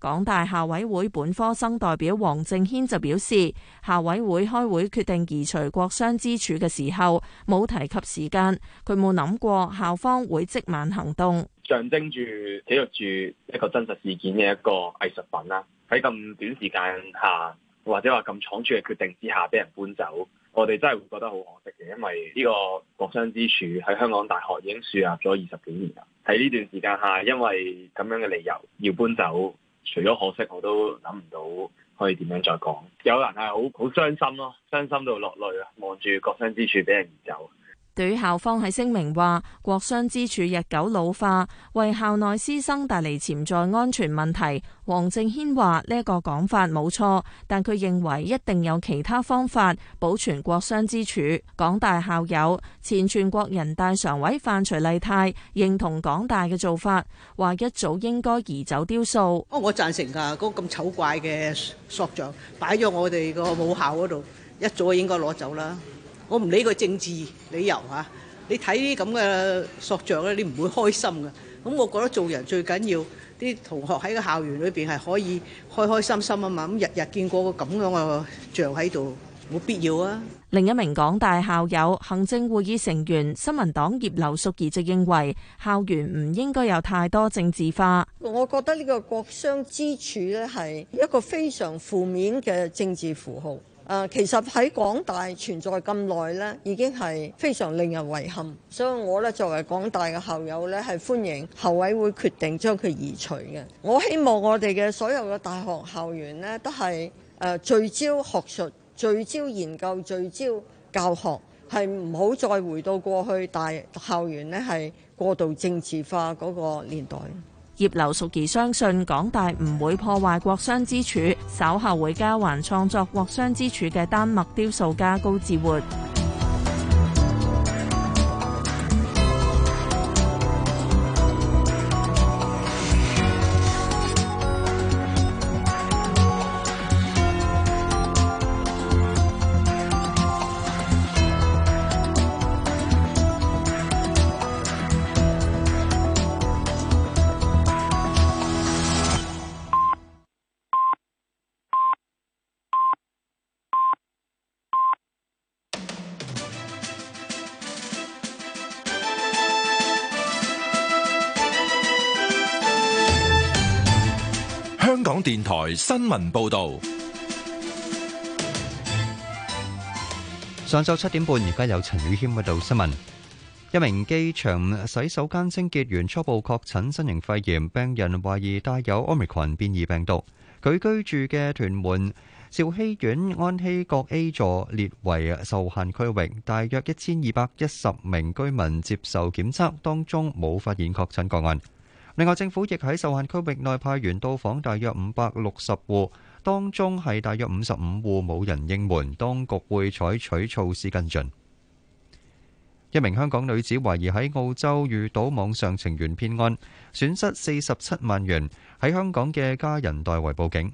港大校委會本科生代表黃正軒就表示，校委會開會決定移除國殤之柱嘅時候，冇提及時間，佢冇諗過校方會即晚行動。象徵住、記錄住一個真實事件嘅一個藝術品啦，喺咁短時間下，或者話咁倉促嘅決定之下，俾人搬走，我哋真係會覺得好可惜嘅。因為呢個國殤之柱喺香港大學已經樹立咗二十幾年啦，喺呢段時間下，因為咁樣嘅理由要搬走。除咗可惜，我都諗唔到可以點樣再講。有人係好好傷心咯，傷心到落淚啊，望住割傷之處俾人移走。對校方喺聲明話國殤之柱日久老化，為校內師生帶嚟潛在安全問題。黃正軒話呢個講法冇錯，但佢認為一定有其他方法保存國殤之柱。港大校友、前全國人大常委范徐麗泰認同港大嘅做法，話一早應該移走雕塑。我贊成噶，嗰、那個咁醜怪嘅塑像擺咗我哋個母校嗰度，一早應該攞走啦。我唔理個政治理由嚇，你睇啲咁嘅塑像咧，你唔會開心噶。咁我覺得做人最緊要，啲同學喺個校園裏邊係可以開開心心啊嘛。咁日日見過個咁樣嘅像喺度，冇必要啊。另一名港大校友、行政會議成員、新民黨葉劉淑儀就認為，校園唔應該有太多政治化。我覺得呢個國殤之柱咧，係一個非常負面嘅政治符號。誒其實喺港大存在咁耐咧，已經係非常令人遺憾。所以我咧作為港大嘅校友咧，係歡迎校委會決定將佢移除嘅。我希望我哋嘅所有嘅大學校園咧，都係聚焦學術、聚焦研究、聚焦教學，係唔好再回到過去大校園咧係過度政治化嗰個年代。葉劉淑儀相信港大唔會破壞國殤之柱，稍後會加還創作國殤之柱嘅丹麥雕塑家高志活。台新聞報道，上晝七點半，而家有陳宇謙報道新聞。一名機場洗手間清潔員初步確診新型肺炎，病人懷疑帶有 Omicron 變異病毒。佢居住嘅屯門兆禧苑安禧閣 A 座列為受限區域，大約一千二百一十名居民接受檢測，當中冇發現確診個案。另外，政府亦喺受限區域內派員到訪，大約五百六十戶，當中係大約五十五戶冇人應門，當局會採取措施跟進。一名香港女子懷疑喺澳洲遇到網上情緣騙案，損失四十七萬元，喺香港嘅家人代為報警。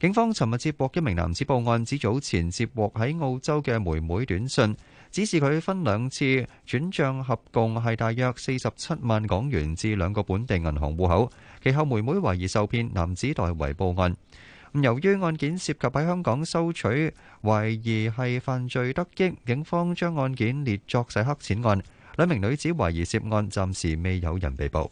警方尋日接獲一名男子報案，指早前接獲喺澳洲嘅妹妹短信。指示佢分兩次轉帳，合共係大約四十七萬港元至兩個本地銀行戶口。其後妹妹懷疑受騙，男子代為報案。咁由於案件涉及喺香港收取，懷疑係犯罪得益，警方將案件列作洗黑錢案。兩名女子懷疑涉案，暫時未有人被捕。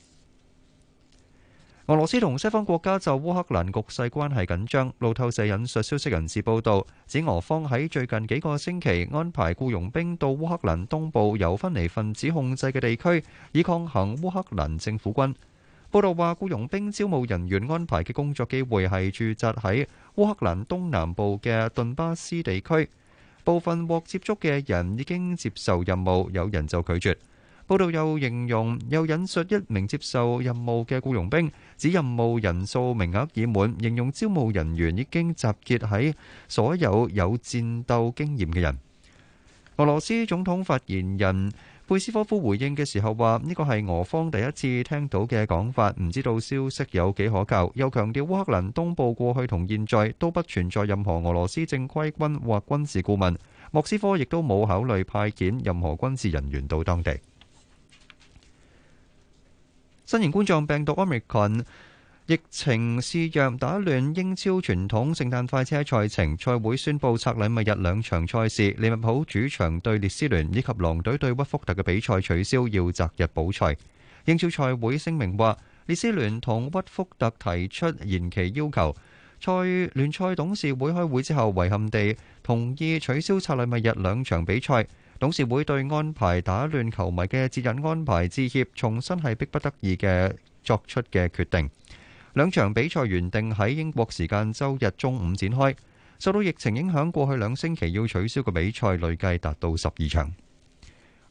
俄羅斯同西方國家就烏克蘭局勢關係緊張。路透社引述消息人士報道，指俄方喺最近幾個星期安排僱傭兵到烏克蘭東部由分離分子控制嘅地區，以抗衡烏克蘭政府軍。報道話，僱傭兵招募人員安排嘅工作機會係駐紮喺烏克蘭東南部嘅頓巴斯地區，部分獲接觸嘅人已經接受任務，有人就拒絕。報道又形容又引述一名接受任務嘅僱傭兵，指任務人數名額已滿，形容招募人員已經集結喺所有有戰鬥經驗嘅人。俄羅斯總統發言人佩斯科夫回應嘅時候話：呢個係俄方第一次聽到嘅講法，唔知道消息有幾可靠。又強調烏克蘭東部過去同現在都不存在任何俄羅斯正規軍或軍事顧問，莫斯科亦都冇考慮派遣任何軍事人員到當地。新型冠狀病毒 Omicron 疫情肆虐打亂英超傳統聖誕快車賽程，賽會宣布拆禮物日兩場賽事，利物浦主場對列斯聯以及狼隊對屈福特嘅比賽取消，要擇日補賽。英超賽會聲明話，列斯聯同屈福特提出延期要求，賽聯賽董事會開會之後，遺憾地同意取消拆禮物日兩場比賽。董事會對安排打亂球迷嘅節日安排致歉，重申係逼不得已嘅作出嘅決定。兩場比賽原定喺英國時間周日中午展開，受到疫情影響，過去兩星期要取消嘅比賽累計達到十二場。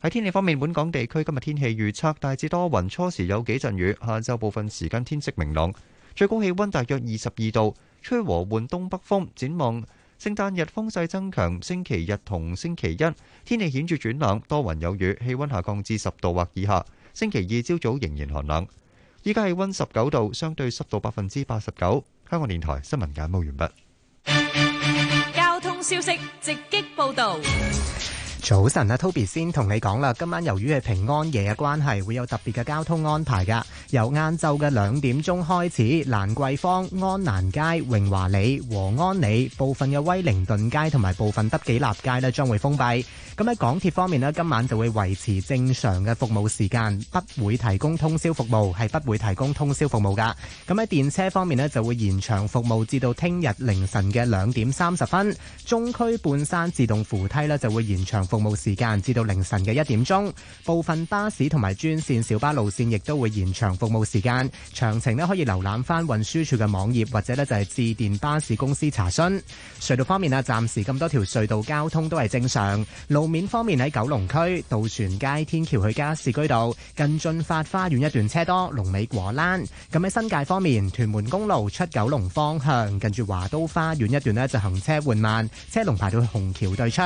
喺天氣方面，本港地區今日天氣預測大致多雲，初時有幾陣雨，下晝部分時間天色明朗，最高氣温大約二十二度，吹和緩東北風，展望。聖誕日風勢增強，星期日同星期一，天氣顯著轉冷，多雲有雨，氣温下降至十度或以下。星期二朝早仍然寒冷，依家氣温十九度，相對濕度百分之八十九。香港電台新聞簡報完畢。交通消息直擊報道。早晨啊，Toby 先同你講啦，今晚由於係平安夜嘅關係，會有特別嘅交通安排噶。由晏晝嘅兩點鐘開始，蘭桂坊、安蘭街、榮華里、和安里部分嘅威靈頓街同埋部分德己立街呢，將會封閉。咁喺港鐵方面呢，今晚就會維持正常嘅服務時間，不會提供通宵服務，係不會提供通宵服務㗎。咁喺電車方面呢，就會延長服務至到聽日凌晨嘅兩點三十分。中區半山自動扶梯呢，就會延長服務時間至到凌晨嘅一點鐘。部分巴士同埋專線小巴路線亦都會延長服務時間。詳情呢，可以瀏覽翻運輸署嘅網頁，或者呢就係致電巴士公司查詢。隧道方面呢，暫時咁多條隧道交通都係正常。路路面方面，喺九龍區渡船街天橋去加士居道近駿發花園一段車多，龍尾果欄。咁喺新界方面，屯門公路出九龍方向近住華都花園一段呢就行車緩慢，車龍排到去紅橋對出。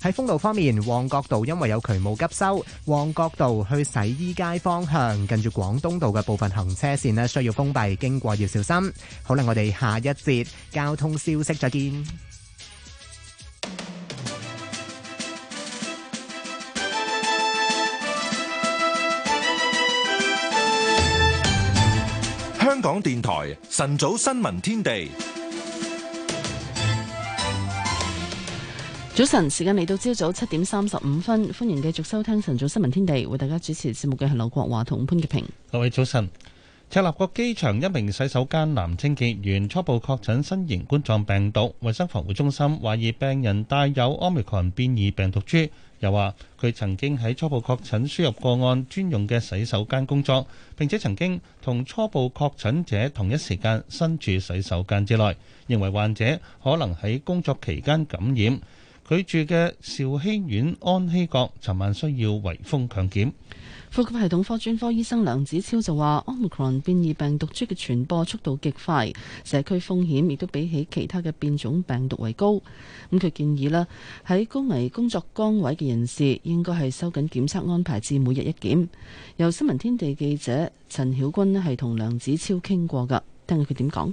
喺封路方面，旺角道因為有渠務急修，旺角道去洗衣街方向近住廣東道嘅部分行車線呢需要封閉，經過要小心。好啦，我哋下一節交通消息再見。香港電台晨早新聞天地，早晨時間嚟到朝早七點三十五分，歡迎繼續收聽晨早新聞天地，為大家主持節目嘅係劉國華同潘潔平。各位早晨，赤鱲角機場一名洗手間男清潔員初步確診新型冠狀病毒，衛生防護中心懷疑病人帶有 Omicron 變異病毒株。又話佢曾經喺初步確診輸入個案專用嘅洗手間工作，並且曾經同初步確診者同一時間身處洗手間之內，認為患者可能喺工作期間感染。佢住嘅兆禧苑安禧閣，尋晚需要圍封強檢。呼吸系統科專科醫生梁子超就話，Omicron 變異病毒株嘅傳播速度極快，社區風險亦都比起其他嘅變種病毒為高。咁佢建議啦，喺高危工作崗位嘅人士應該係收緊檢測安排至每日一檢。由新聞天地記者陳曉君咧係同梁子超傾過㗎，聽下佢點講。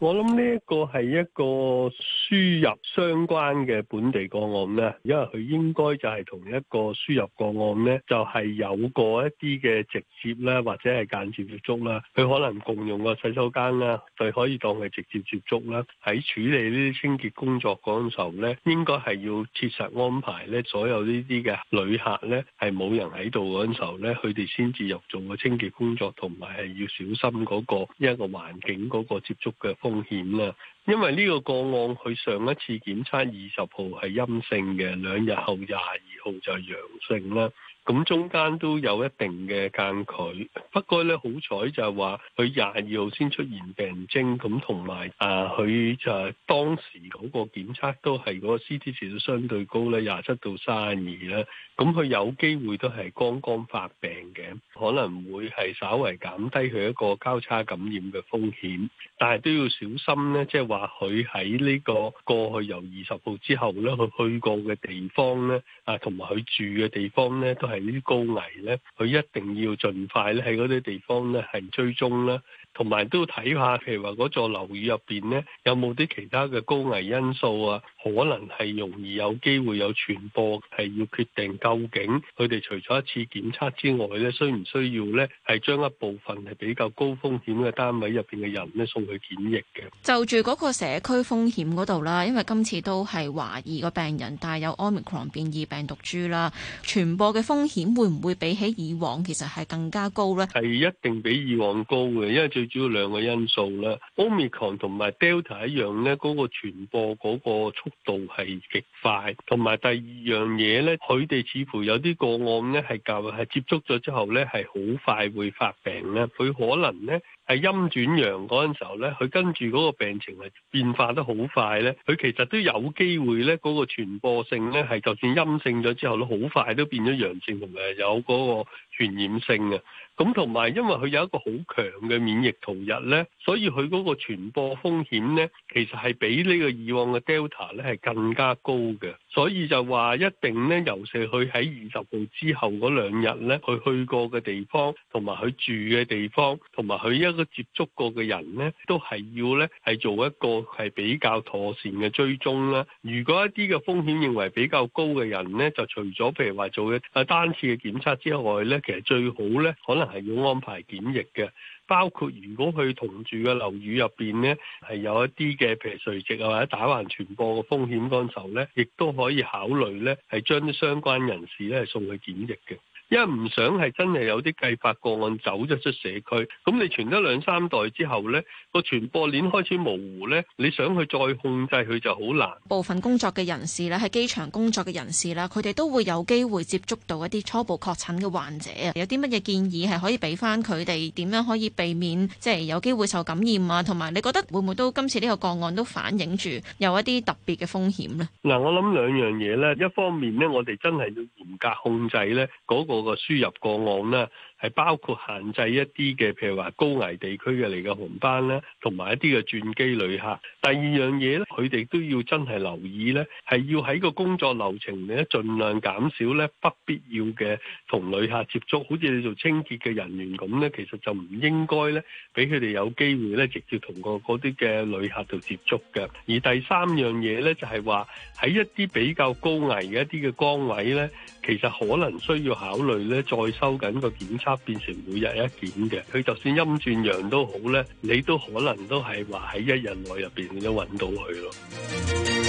我諗呢一個係一個輸入相關嘅本地個案咧，因為佢應該就係同一個輸入個案咧，就係、是、有過一啲嘅直接啦，或者係間接接觸啦。佢可能共用個洗手間啦，佢可以當係直接接觸啦。喺處理呢啲清潔工作嗰陣時候咧，應該係要切實安排咧，所有呢啲嘅旅客咧係冇人喺度嗰陣時候咧，佢哋先至入做個清潔工作，同埋係要小心嗰個一個環境嗰個接觸嘅風險啦，因為呢個個案佢上一次檢測二十號係陰性嘅，兩日後廿二號就係陽性啦。咁中間都有一定嘅間距，不過咧好彩就係話佢廿二號先出現病徵，咁同埋啊佢就係當時嗰個檢測都係嗰個 CT 值都相對高咧，廿七到卅二啦。咁佢有機會都係剛剛發病嘅，可能會係稍微減低佢一個交叉感染嘅風險，但係都要小心咧，即係話佢喺呢個過去由二十號之後咧，佢去過嘅地方咧，啊同埋佢住嘅地方咧都係。喺高危咧，佢一定要盡快咧，喺嗰啲地方咧係追蹤啦。同埋都睇下，譬如話嗰座樓宇入邊咧，有冇啲其他嘅高危因素啊？可能係容易有機會有傳播，係要決定究竟佢哋除咗一次檢測之外咧，需唔需要咧係將一部分係比較高風險嘅單位入邊嘅人咧送去檢疫嘅？就住嗰個社區風險嗰度啦，因為今次都係懷疑個病人帶有 Omicron 變異病毒株啦，傳播嘅風險會唔會比起以往其實係更加高咧？係一定比以往高嘅，因為。最主要兩個因素啦，Omicron 同埋 Delta 一樣咧，嗰、嗰個傳播嗰個速度係極快，同埋第二樣嘢咧，佢哋似乎有啲個案咧係及係接觸咗之後咧係好快會發病咧，佢可能咧。係陰轉陽嗰陣時候咧，佢跟住嗰個病情係變化得好快咧。佢其實都有機會咧，嗰個傳播性咧係就算陰性咗之後，都好快都變咗陽性，同埋有嗰個傳染性嘅。咁同埋因為佢有一個好強嘅免疫逃逸咧，所以佢嗰個傳播風險咧，其實係比呢個以往嘅 Delta 咧係更加高嘅。所以就話一定咧，尤其佢喺二十號之後嗰兩日咧，佢去過嘅地方，同埋佢住嘅地方，同埋佢一個接觸過嘅人咧，都係要咧係做一個係比較妥善嘅追蹤啦。如果一啲嘅風險認為比較高嘅人咧，就除咗譬如話做一單次嘅檢測之外咧，其實最好咧，可能係要安排檢疫嘅。包括如果佢同住嘅樓宇入邊咧，係有一啲嘅譬如垂直啊或者打橫傳播嘅風險，嗰陣時候咧，亦都可以考慮咧係將啲相關人士咧送去檢疫嘅。因為唔想係真係有啲繼發個案走咗出社區，咁你傳咗兩三代之後，呢個傳播鏈開始模糊呢，你想去再控制佢就好難。部分工作嘅人士啦，喺機場工作嘅人士啦，佢哋都會有機會接觸到一啲初步確診嘅患者啊。有啲乜嘢建議係可以俾翻佢哋點樣可以避免，即係有機會受感染啊？同埋你覺得會唔會都今次呢個個案都反映住有一啲特別嘅風險呢？嗱，我諗兩樣嘢呢：一方面呢，我哋真係要嚴格控制呢嗰個。個輸入個案咧。 係包括限制一啲嘅，譬如話高危地區嘅嚟嘅航班啦，同埋一啲嘅轉機旅客。第二樣嘢咧，佢哋都要真係留意咧，係要喺個工作流程咧，盡量減少咧不必要嘅同旅客接觸。好似你做清潔嘅人員咁咧，其實就唔應該咧，俾佢哋有機會咧直接同個嗰啲嘅旅客就接觸嘅。而第三樣嘢咧，就係話喺一啲比較高危嘅一啲嘅崗位咧，其實可能需要考慮咧，再收緊個檢測。變成每日一檢嘅，佢就算陰轉陽都好咧，你都可能都係話喺一日內入邊都揾到佢咯。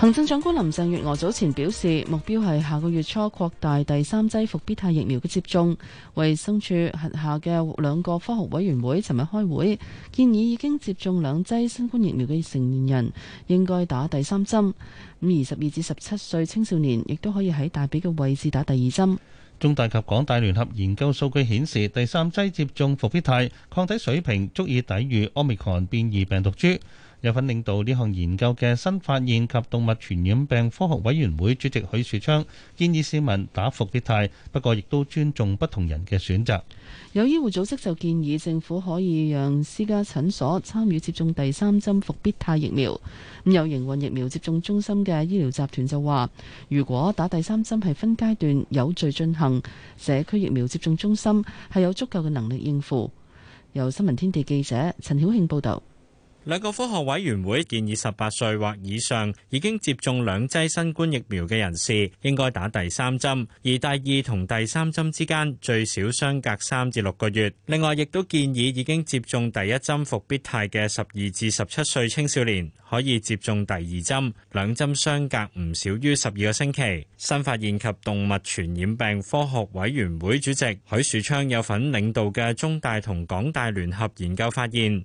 行政長官林鄭月娥早前表示，目標係下個月初擴大第三劑復必泰疫苗嘅接種。衞生署轄下嘅兩個科學委員會尋日開會，建議已經接種兩劑新冠疫苗嘅成年人應該打第三針。咁而十二至十七歲青少年亦都可以喺大髀嘅位置打第二針。中大及港大聯合研究數據顯示，第三劑接種復必泰抗體水平足以抵禦奧密克戎變異病毒株。有份領導呢項研究嘅新發現及動物傳染病科學委員會主席許樹昌建議市民打復必泰，不過亦都尊重不同人嘅選擇。有醫護組織就建議政府可以讓私家診所參與接種第三針復必泰疫苗。咁有營運疫苗接種中心嘅醫療集團就話，如果打第三針係分階段有序進行，社區疫苗接種中心係有足夠嘅能力應付。由新聞天地記者陳曉慶報道。兩個科學委員會建議，十八歲或以上已經接種兩劑新冠疫苗嘅人士，應該打第三針，而第二同第三針之間最少相隔三至六個月。另外，亦都建議已經接種第一針復必泰嘅十二至十七歲青少年，可以接種第二針，兩針相隔唔少於十二個星期。新發現及動物傳染病科學委員會主席許樹昌有份領導嘅中大同港大聯合研究發現。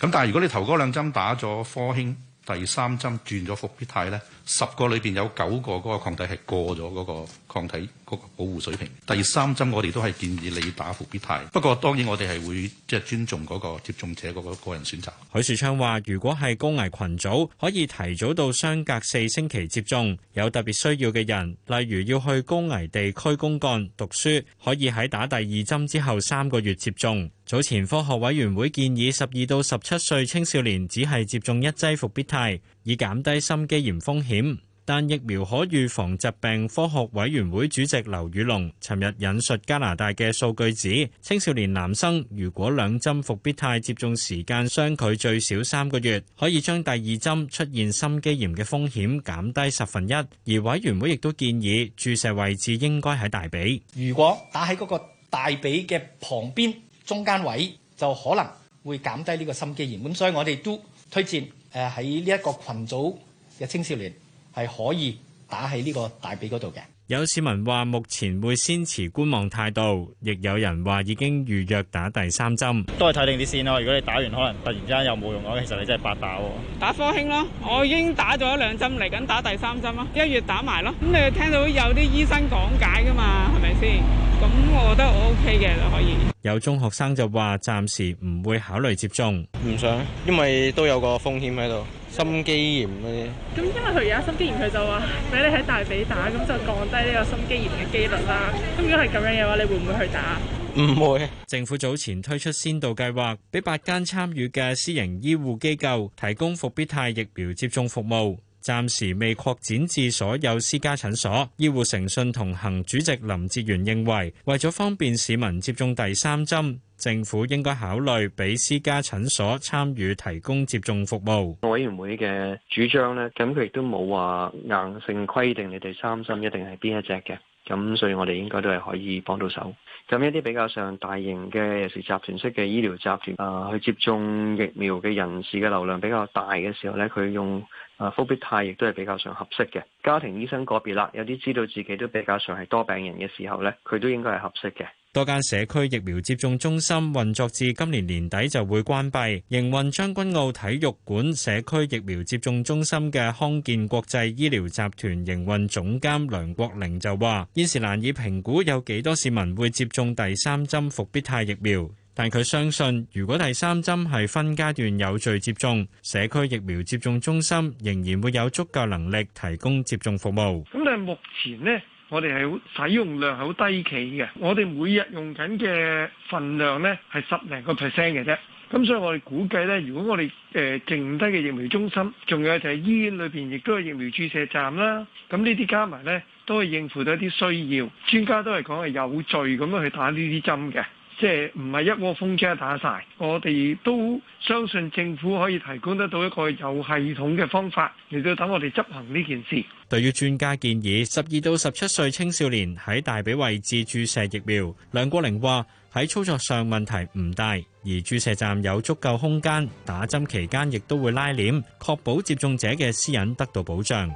咁但係如果你頭嗰兩針打咗科興，第三針轉咗復必泰呢？十個裏邊有九個嗰個抗體係過咗嗰個抗體嗰個保護水平。第三針我哋都係建議你打復必泰，不過當然我哋係會即係尊重嗰個接種者嗰個個人選擇。許樹昌話，如果係高危群組，可以提早到相隔四星期接種，有特別需要嘅人，例如要去高危地區公幹、讀書，可以喺打第二針之後三個月接種。早前科學委員會建議，十二到十七歲青少年只係接種一劑復必泰。以減低心肌炎風險，但疫苗可預防疾病科學委員會主席劉宇龍尋日引述加拿大嘅數據指，青少年男生如果兩針復必泰接種時間相距最少三個月，可以將第二針出現心肌炎嘅風險減低十分一。而委員會亦都建議注射位置應該喺大髀，如果打喺嗰個大髀嘅旁邊中間位，就可能會減低呢個心肌炎。咁所以我哋都推薦。誒喺呢一個羣組嘅青少年係可以打喺呢個大髀嗰度嘅。有市民話目前會先持觀望態度，亦有人話已經預約打第三針。都係睇定啲先咯。如果你打完可能突然之間又冇用咗，其實你真係白打。打科興咯，我已經打咗兩針，嚟緊打第三針咯，一月打埋咯。咁你聽到有啲醫生講解㗎嘛，係咪先？咁我覺得我 O K 嘅就可以。有中學生就話暫時唔會考慮接種，唔想，因為都有個風險喺度。心肌炎嗰啲。咁因為佢而家心肌炎，佢就話俾你喺大髀打，咁就降低呢個心肌炎嘅機率啦。咁如果係咁樣嘅話，你會唔會去打？唔會。政府早前推出先導計劃，俾八間參與嘅私營醫護機構提供復必泰疫苗接種服務。暫時未擴展至所有私家診所。醫護誠信同行主席林哲玄認為，為咗方便市民接種第三針，政府應該考慮俾私家診所參與提供接種服務。委員會嘅主張呢，咁佢亦都冇話硬性規定你哋三針一定係邊一隻嘅，咁所以我哋應該都係可以幫到手。咁一啲比較上大型嘅有時集團式嘅醫療集團啊，去接種疫苗嘅人士嘅流量比較大嘅時候呢，佢用。啊，復必泰亦都係比較上合適嘅。家庭醫生個別啦，有啲知道自己都比較上係多病人嘅時候咧，佢都應該係合適嘅。多間社區疫苗接種中心運作至今年年底就會關閉。營運將軍澳體育館社區疫苗接種中心嘅康健國際醫療集團營運總監梁國寧就話：現時難以評估有幾多市民會接種第三針復必泰疫苗。但佢相信，如果第三針係分階段有序接種，社區疫苗接種中心仍然會有足夠能力提供接種服務。咁但係目前咧，我哋係使用量係好低企嘅。我哋每日用緊嘅份量咧係十零個 percent 嘅啫。咁所以我哋估計咧，如果我哋誒剩低嘅疫苗中心，仲有就係醫院裏邊亦都係疫苗注射站啦。咁呢啲加埋咧，都係應付到一啲需要。專家都係講係有序咁樣去打呢啲針嘅。即係唔係一窩蜂即打晒，我哋都相信政府可以提供得到一個有系統嘅方法嚟到等我哋執行呢件事。對於專家建議十二到十七歲青少年喺大髀位置注射疫苗，梁國玲話喺操作上問題唔大，而注射站有足夠空間打針期間，亦都會拉簾確保接種者嘅私隱得到保障。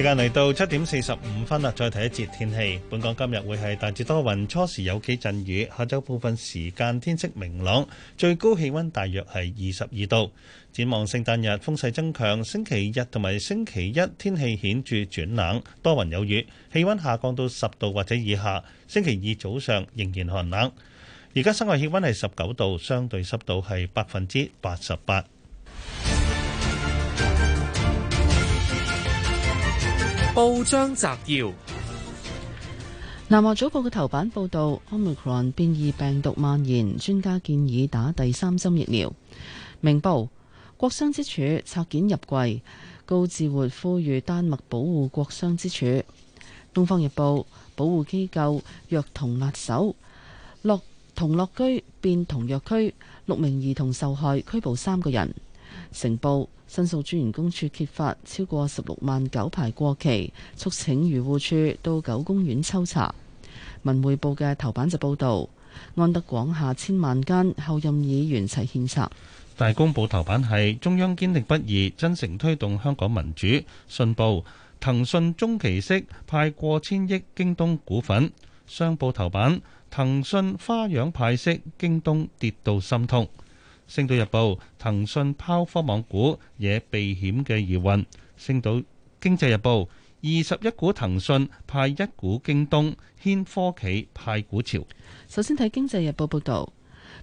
時間嚟到七點四十五分啦，再睇一節天氣。本港今日會係大致多雲，初時有幾陣雨，下晝部分時間天色明朗，最高氣溫大約係二十二度。展望聖誕日風勢增強，星期日同埋星期一天氣顯著轉冷，多雲有雨，氣溫下降到十度或者以下。星期二早上仍然寒冷。而家室外氣溫係十九度，相對濕度係百分之八十八。報章摘要：南華早報嘅頭版報道，Omicron 變異病毒蔓延，專家建議打第三針疫苗。明報：國殤之柱拆件入櫃，高志活呼籲丹麥保護國殤之柱。東方日報：保護機構虐童辣手，童樂居變童虐區，六名兒童受害，拘捕三個人。成報申訴專員公署揭發超過十六萬九排過期，促請漁護署到九公園抽查。文匯報嘅頭版就報道安德廣廈千萬間，候任議員齊獻策。大公報頭版係中央堅定不移，真誠推動香港民主。信報騰訊中期息派過千億，京東股份商報頭版騰訊花樣派息，京東跌到心痛。星島日報、騰訊拋科網股，惹避險嘅疑雲。星島經濟日報：二十一股騰訊派一股京東，掀科企派股潮。首先睇經濟日報報道，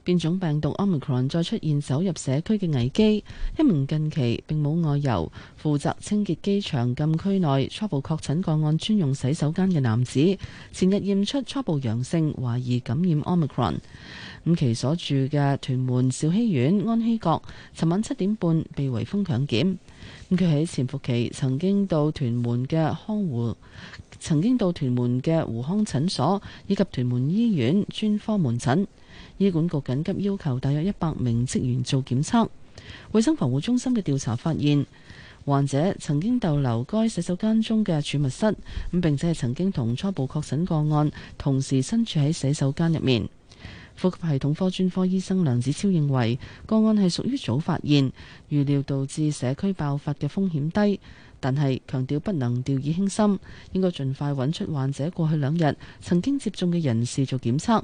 變種病毒 Omicron 再出現走入社區嘅危機。一名近期並冇外遊、負責清潔機場禁區內初步確診個案專用洗手間嘅男子，前日驗出初步陽性，懷疑感染 Omicron。五期所住嘅屯門兆禧苑安禧閣，尋晚七點半被圍封強檢，咁佢喺潛伏期曾經到屯門嘅康護，曾經到屯門嘅胡康診所以及屯門醫院專科門診，醫管局緊急要求大約一百名職員做檢測，衛生防護中心嘅調查發現患者曾經逗留該洗手間中嘅儲物室，咁並且係曾經同初步確診個案同時身處喺洗手間入面。呼吸系統科專科醫生梁子超認為個案係屬於早發現，預料導致社區爆發嘅風險低，但係強調不能掉以輕心，應該盡快揾出患者過去兩日曾經接種嘅人士做檢測，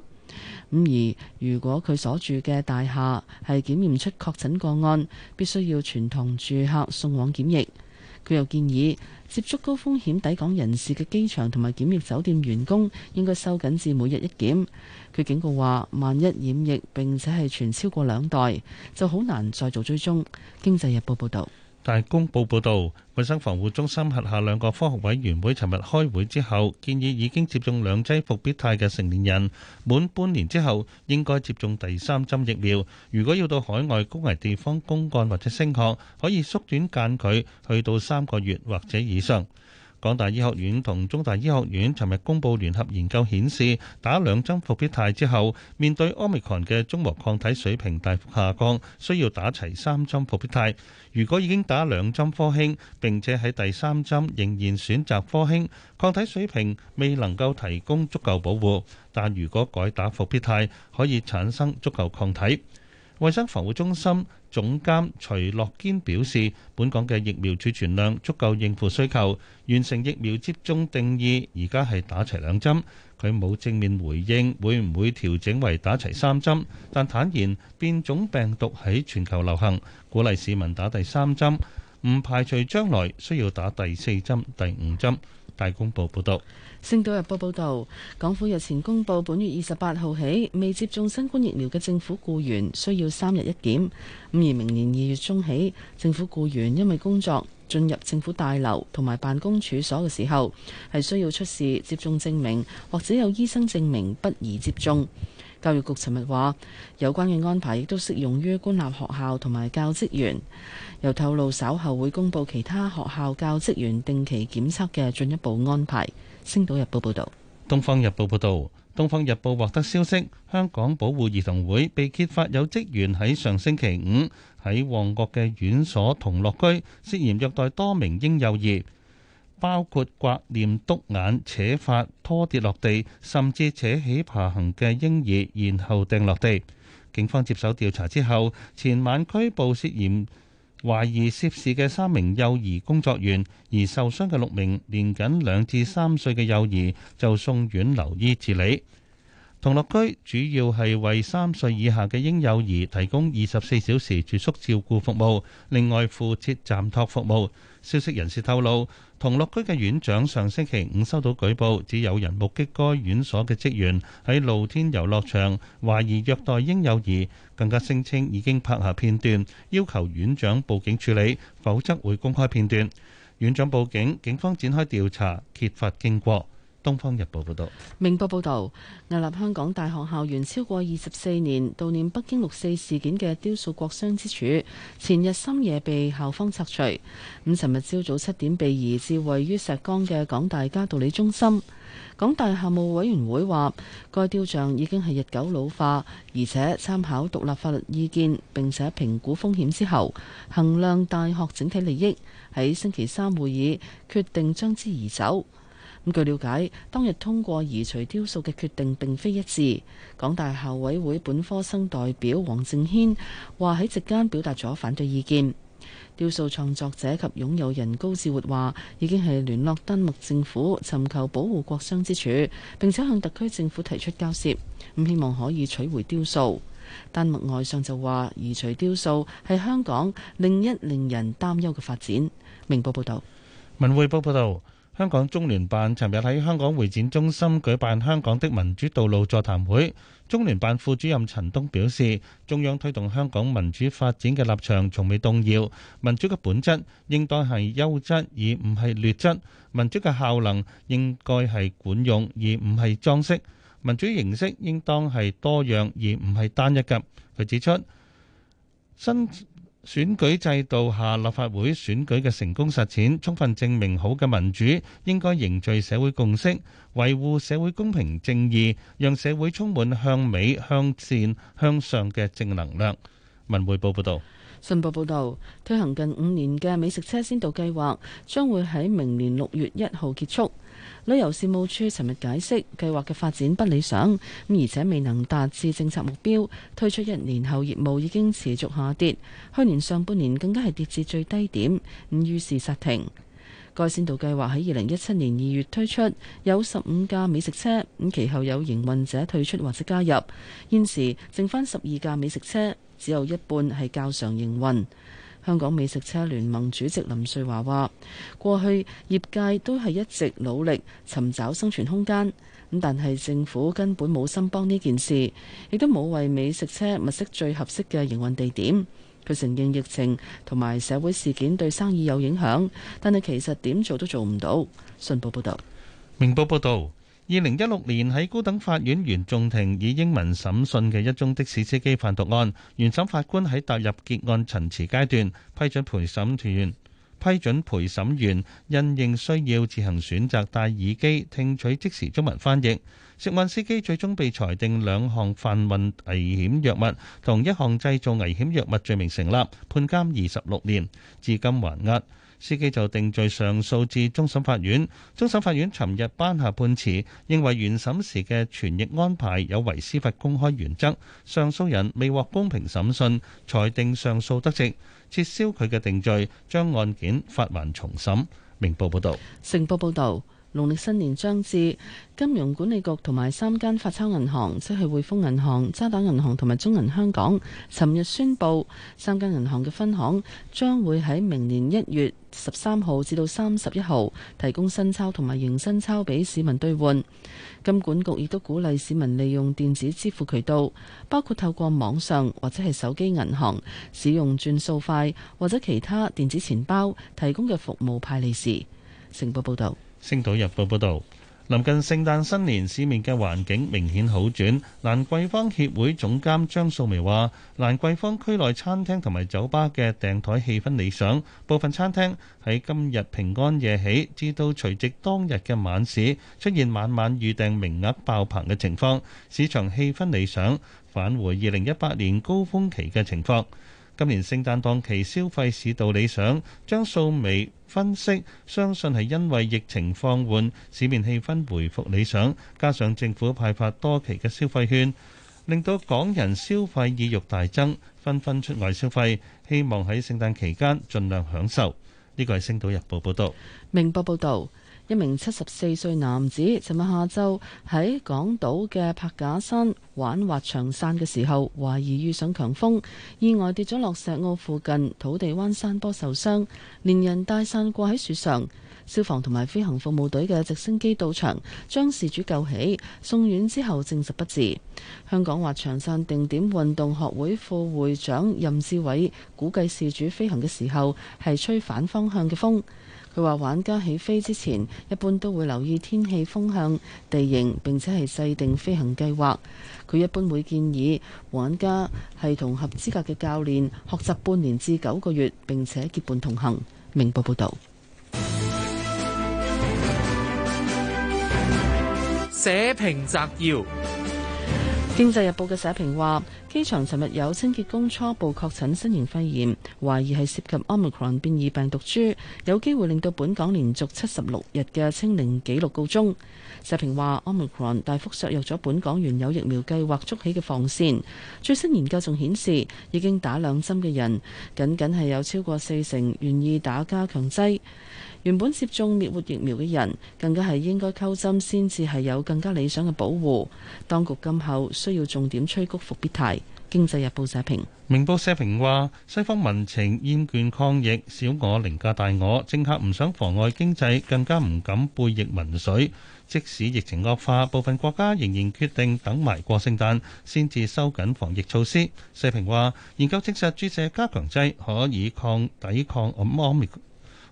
咁而如果佢所住嘅大廈係檢驗出確診個案，必須要全幢住客送往檢疫。佢又建議。接觸高風險抵港人士嘅機場同埋檢疫酒店員工應該收緊至每日一檢。佢警告話：萬一染疫並且係傳超過兩代，就好難再做追蹤。經濟日報報導。大公報報導，衞生防護中心轄下兩個科學委員會尋日開會之後，建議已經接種兩劑復必泰嘅成年人滿半年之後應該接種第三針疫苗。如果要到海外高危地方公幹或者升學，可以縮短間距，去到三個月或者以上。港大醫學院同中大醫學院尋日公佈聯合研究顯示，打兩針復必泰之後，面對 Omicron 嘅中和抗體水平大幅下降，需要打齊三針復必泰。如果已經打兩針科興，並且喺第三針仍然選擇科興，抗體水平未能夠提供足夠保護；但如果改打復必泰，可以產生足夠抗體。衛生防護中心總監徐樂堅表示，本港嘅疫苗儲存量足夠應付需求，完成疫苗接種定義而家係打齊兩針。佢冇正面回應會唔會調整為打齊三針，但坦言變種病毒喺全球流行，鼓勵市民打第三針，唔排除將來需要打第四針、第五針。大公報報道，星島日報報道，港府日前公布，本月二十八號起，未接種新冠疫苗嘅政府僱員需要三日一檢。咁而明年二月中起，政府僱員因為工作進入政府大樓同埋辦公處所嘅時候，係需要出示接種證明或者有醫生證明不宜接種。教育局尋日話，有關嘅安排亦都適用於官立學校同埋教職員。又透露稍後會公布其他學校教職員定期檢測嘅進一步安排。星島日報報道，《東方日報》報道，《東方日報》獲得消息，香港保護兒童會被揭發有職員喺上星期五喺旺角嘅院所同樂居涉嫌虐待多名嬰幼兒。包括刮臉、篤眼、扯髮、拖跌落地，甚至扯起爬行嘅嬰兒，然後掟落地。警方接手調查之後，前晚拘捕涉嫌懷疑涉事嘅三名幼兒工作員，而受傷嘅六名年僅兩至三歲嘅幼兒就送院留醫治理。童樂居主要係為三歲以下嘅嬰幼兒提供二十四小時住宿照顧服務，另外附設暫托服務。消息人士透露。童樂居嘅院長上星期五收到舉報，指有人目擊該院所嘅職員喺露天遊樂場懷疑虐待嬰幼兒，更加聲稱已經拍下片段，要求院長報警處理，否則會公開片段。院長報警，警方展開調查，揭發經過。《東方日報》報導，《明報》報道：屹立香港大學校園超過二十四年，悼念北京六四事件嘅雕塑國殤之柱，前日深夜被校方拆除。咁，尋日朝早七點被移至位於石崗嘅港大嘉道理中心。港大校務委員會話，該雕像已經係日久老化，而且參考獨立法律意見，並且評估風險之後，衡量大學整體利益，喺星期三會議決定將之移走。咁據了解，當日通過移除雕塑嘅決定並非一致。港大校委會本科生代表黃正軒話，喺席間表達咗反對意見。雕塑創作者及擁有人高志活話，已經係聯絡丹麥政府尋求保護國殤之柱，並且向特區政府提出交涉。咁希望可以取回雕塑。丹麥外相就話移除雕塑係香港另一令人擔憂嘅發展。明報報導。文匯報報導。香港中聯辦尋日喺香港會展中心舉辦香港的民主道路座談會，中聯辦副主任陳東表示，中央推動香港民主發展嘅立場從未動搖。民主嘅本質應當係優質，而唔係劣質；民主嘅效能應該係管用，而唔係裝飾；民主形式應當係多樣，而唔係單一㗎。佢指出，新選舉制度下立法會選舉嘅成功實踐，充分證明好嘅民主應該凝聚社會共識，維護社會公平正義，讓社會充滿向美、向善、向上嘅正能量。文匯報報道。信報報道，推行近五年嘅美食車先導計劃，將會喺明年六月一號結束。旅遊事務處尋日解釋，計劃嘅發展不理想，咁而且未能達至政策目標。推出一年後，業務已經持續下跌，去年上半年更加係跌至最低點，咁於是煞停。該先導計劃喺二零一七年二月推出，有十五架美食車，咁其後有營運者退出或者加入，現時剩返十二架美食車，只有一半係較常營運。香港美食車聯盟主席林瑞華話：過去業界都係一直努力尋找生存空間，咁但係政府根本冇心幫呢件事，亦都冇為美食車物色最合適嘅營運地點。佢承認疫情同埋社會事件對生意有影響，但係其實點做都做唔到。信報報道。明報報導。二零一六年喺高等法院原訟庭以英文審訊嘅一宗的士司機販毒案，原審法官喺踏入結案陳詞階段，批准陪審團員批准陪審員因應需要自行選擇戴耳機聽取即時中文翻譯。涉案司機最終被裁定兩項販運危險藥物同一項製造危險藥物罪名成立，判監二十六年，至今還押。司機就定罪上訴至終審法院，終審法院尋日頒下判詞，認為原審時嘅傳譯安排有違司法公開原則，上訴人未獲公平審訊，裁定上訴得直，撤銷佢嘅定罪，將案件發還重審。明報報道。成報報導。農曆新年將至，金融管理局同埋三間發鈔銀行，即係匯豐銀行、渣打銀行同埋中銀香港，尋日宣布三間銀行嘅分行將會喺明年一月十三號至到三十一號提供新鈔同埋迎新鈔俾市民兌換。金管局亦都鼓勵市民利用電子支付渠道，包括透過網上或者係手機銀行使用轉數快或者其他電子錢包提供嘅服務派利是。成報報道。《星島日報》報道，臨近聖誕新年，市面嘅環境明顯好轉。蘭桂坊協會總監張素梅話，蘭桂坊區內餐廳同埋酒吧嘅訂枱氣氛理想，部分餐廳喺今日平安夜起至到除夕當日嘅晚市出現晚晚預訂名額爆棚嘅情況，市場氣氛理想，返回二零一八年高峰期嘅情況。今年聖誕檔期消費市道理想，張素薇分析相信係因為疫情放緩，市面氣氛回復理想，加上政府派發多期嘅消費券，令到港人消費意欲大增，紛紛出外消費，希望喺聖誕期間盡量享受。呢個係《星島日報》報導，《明報》報導。一名七十四歲男子，尋日下晝喺港島嘅柏架山玩滑翔傘嘅時候，懷疑遇上強風，意外跌咗落石澳附近土地灣山坡受傷，連人帶傘掛喺樹上。消防同埋飛行服務隊嘅直升機到場，將事主救起，送院之後證實不治。香港滑翔傘定點運動學會副會長任志偉估計，事主飛行嘅時候係吹反方向嘅風。佢話：玩家起飛之前，一般都會留意天氣、風向、地形，並且係制定飛行計劃。佢一般會建議玩家係同合資格嘅教練學習半年至九個月，並且結伴同行。明報報導。社評摘要。《經濟日報》嘅社評話：機場尋日有清潔工初步確診新型肺炎，懷疑係涉及 Omicron 變異病毒株，有機會令到本港連續七十六日嘅清零紀錄告終。社評話：Omicron 大幅削弱咗本港原有疫苗計劃築起嘅防線。最新研究仲顯示，已經打兩針嘅人，僅僅係有超過四成願意打加強劑。原本接種滅活疫苗嘅人，更加係應該溝針先至係有更加理想嘅保護。當局今後需要重點催谷復必泰。經濟日報社評。明報社評話：西方民情厭倦抗疫，小我凌駕大我，政客唔想妨礙經濟，更加唔敢背逆民粹。即使疫情惡化，部分國家仍然決定等埋過聖誕先至收緊防疫措施。社評話：研究證實注射加強劑可以抗抵抗奧密克。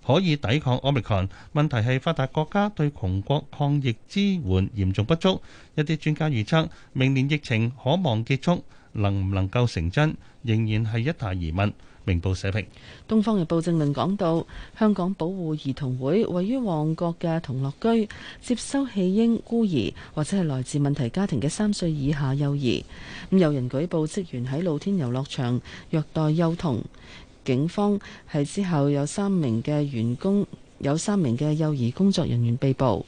可以抵抗 Omicron，問題係發達國家對窮國抗疫支援嚴重不足。一啲專家預測明年疫情可望結束，能唔能夠成真仍然係一大疑問。明報社評，《東方日報》正論講到，香港保護兒童會位於旺角嘅童樂居接收棄嬰孤兒，或者係來自問題家庭嘅三歲以下幼兒。咁有人舉報職員喺露天遊樂場虐待幼童。警方係之後有三名嘅員工，有三名嘅幼兒工作人員被捕。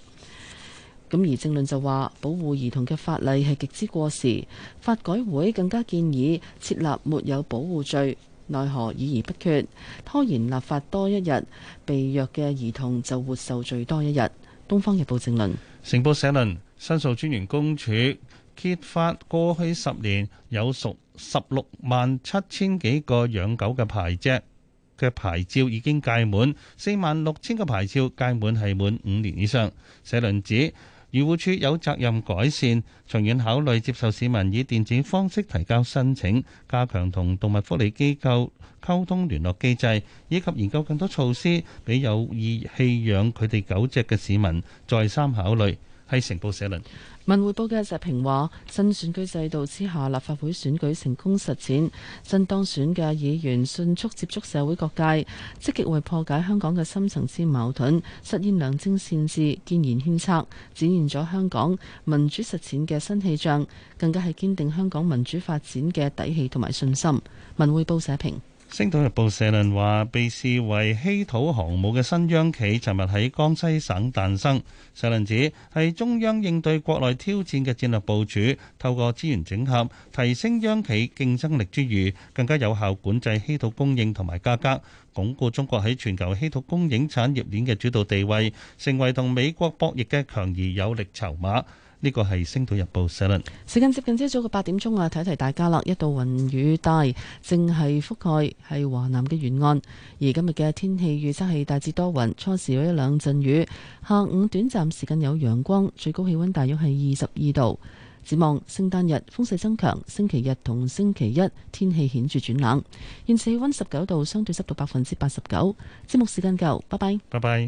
咁而政論就話：保護兒童嘅法例係極之過時。法改會更加建議設立沒有保護罪，奈何議而不決，拖延立法多一日，被虐嘅兒童就活受罪多一日。《東方日報》政論。成報社論：申訴專員公署揭發過去十年有屬十六萬七千幾個養狗嘅牌隻嘅牌照已經屆滿，四萬六千個牌照屆滿係滿五年以上。社論指漁護處有責任改善，長遠考慮接受市民以電子方式提交申請，加強同動物福利機構溝通聯絡機制，以及研究更多措施俾有意棄養佢哋狗隻嘅市民再三考慮。係成報社論。文匯報嘅社評話：新選舉制度之下，立法會選舉成功實踐，新當選嘅議員迅速接觸社會各界，積極為破解香港嘅深層次矛盾，實現良政善治、建言獻策，展現咗香港民主實踐嘅新氣象，更加係堅定香港民主發展嘅底氣同埋信心。文匯報社評。《星島日報》社論話，被視為稀土航母嘅新央企，尋日喺江西省誕生。社論指係中央應對國內挑戰嘅戰略部署，透過資源整合提升央企競爭力之餘，更加有效管制稀土供應同埋價格，鞏固中國喺全球稀土供應產業鏈嘅主導地位，成為同美國博弈嘅強而有力籌碼。呢個係《星島日報》社論。時間接近朝早嘅八點鐘啊，提一提大家啦，一道雲雨帶正係覆蓋係華南嘅沿岸。而今日嘅天氣預測係大致多雲，初時有一兩陣雨，下午短暫時間有陽光，最高氣温大約係二十二度。展望聖誕日風勢增強，星期日同星期一天氣顯著轉冷。現時氣温十九度，相對濕度百分之八十九。節目時間夠，拜拜。拜拜。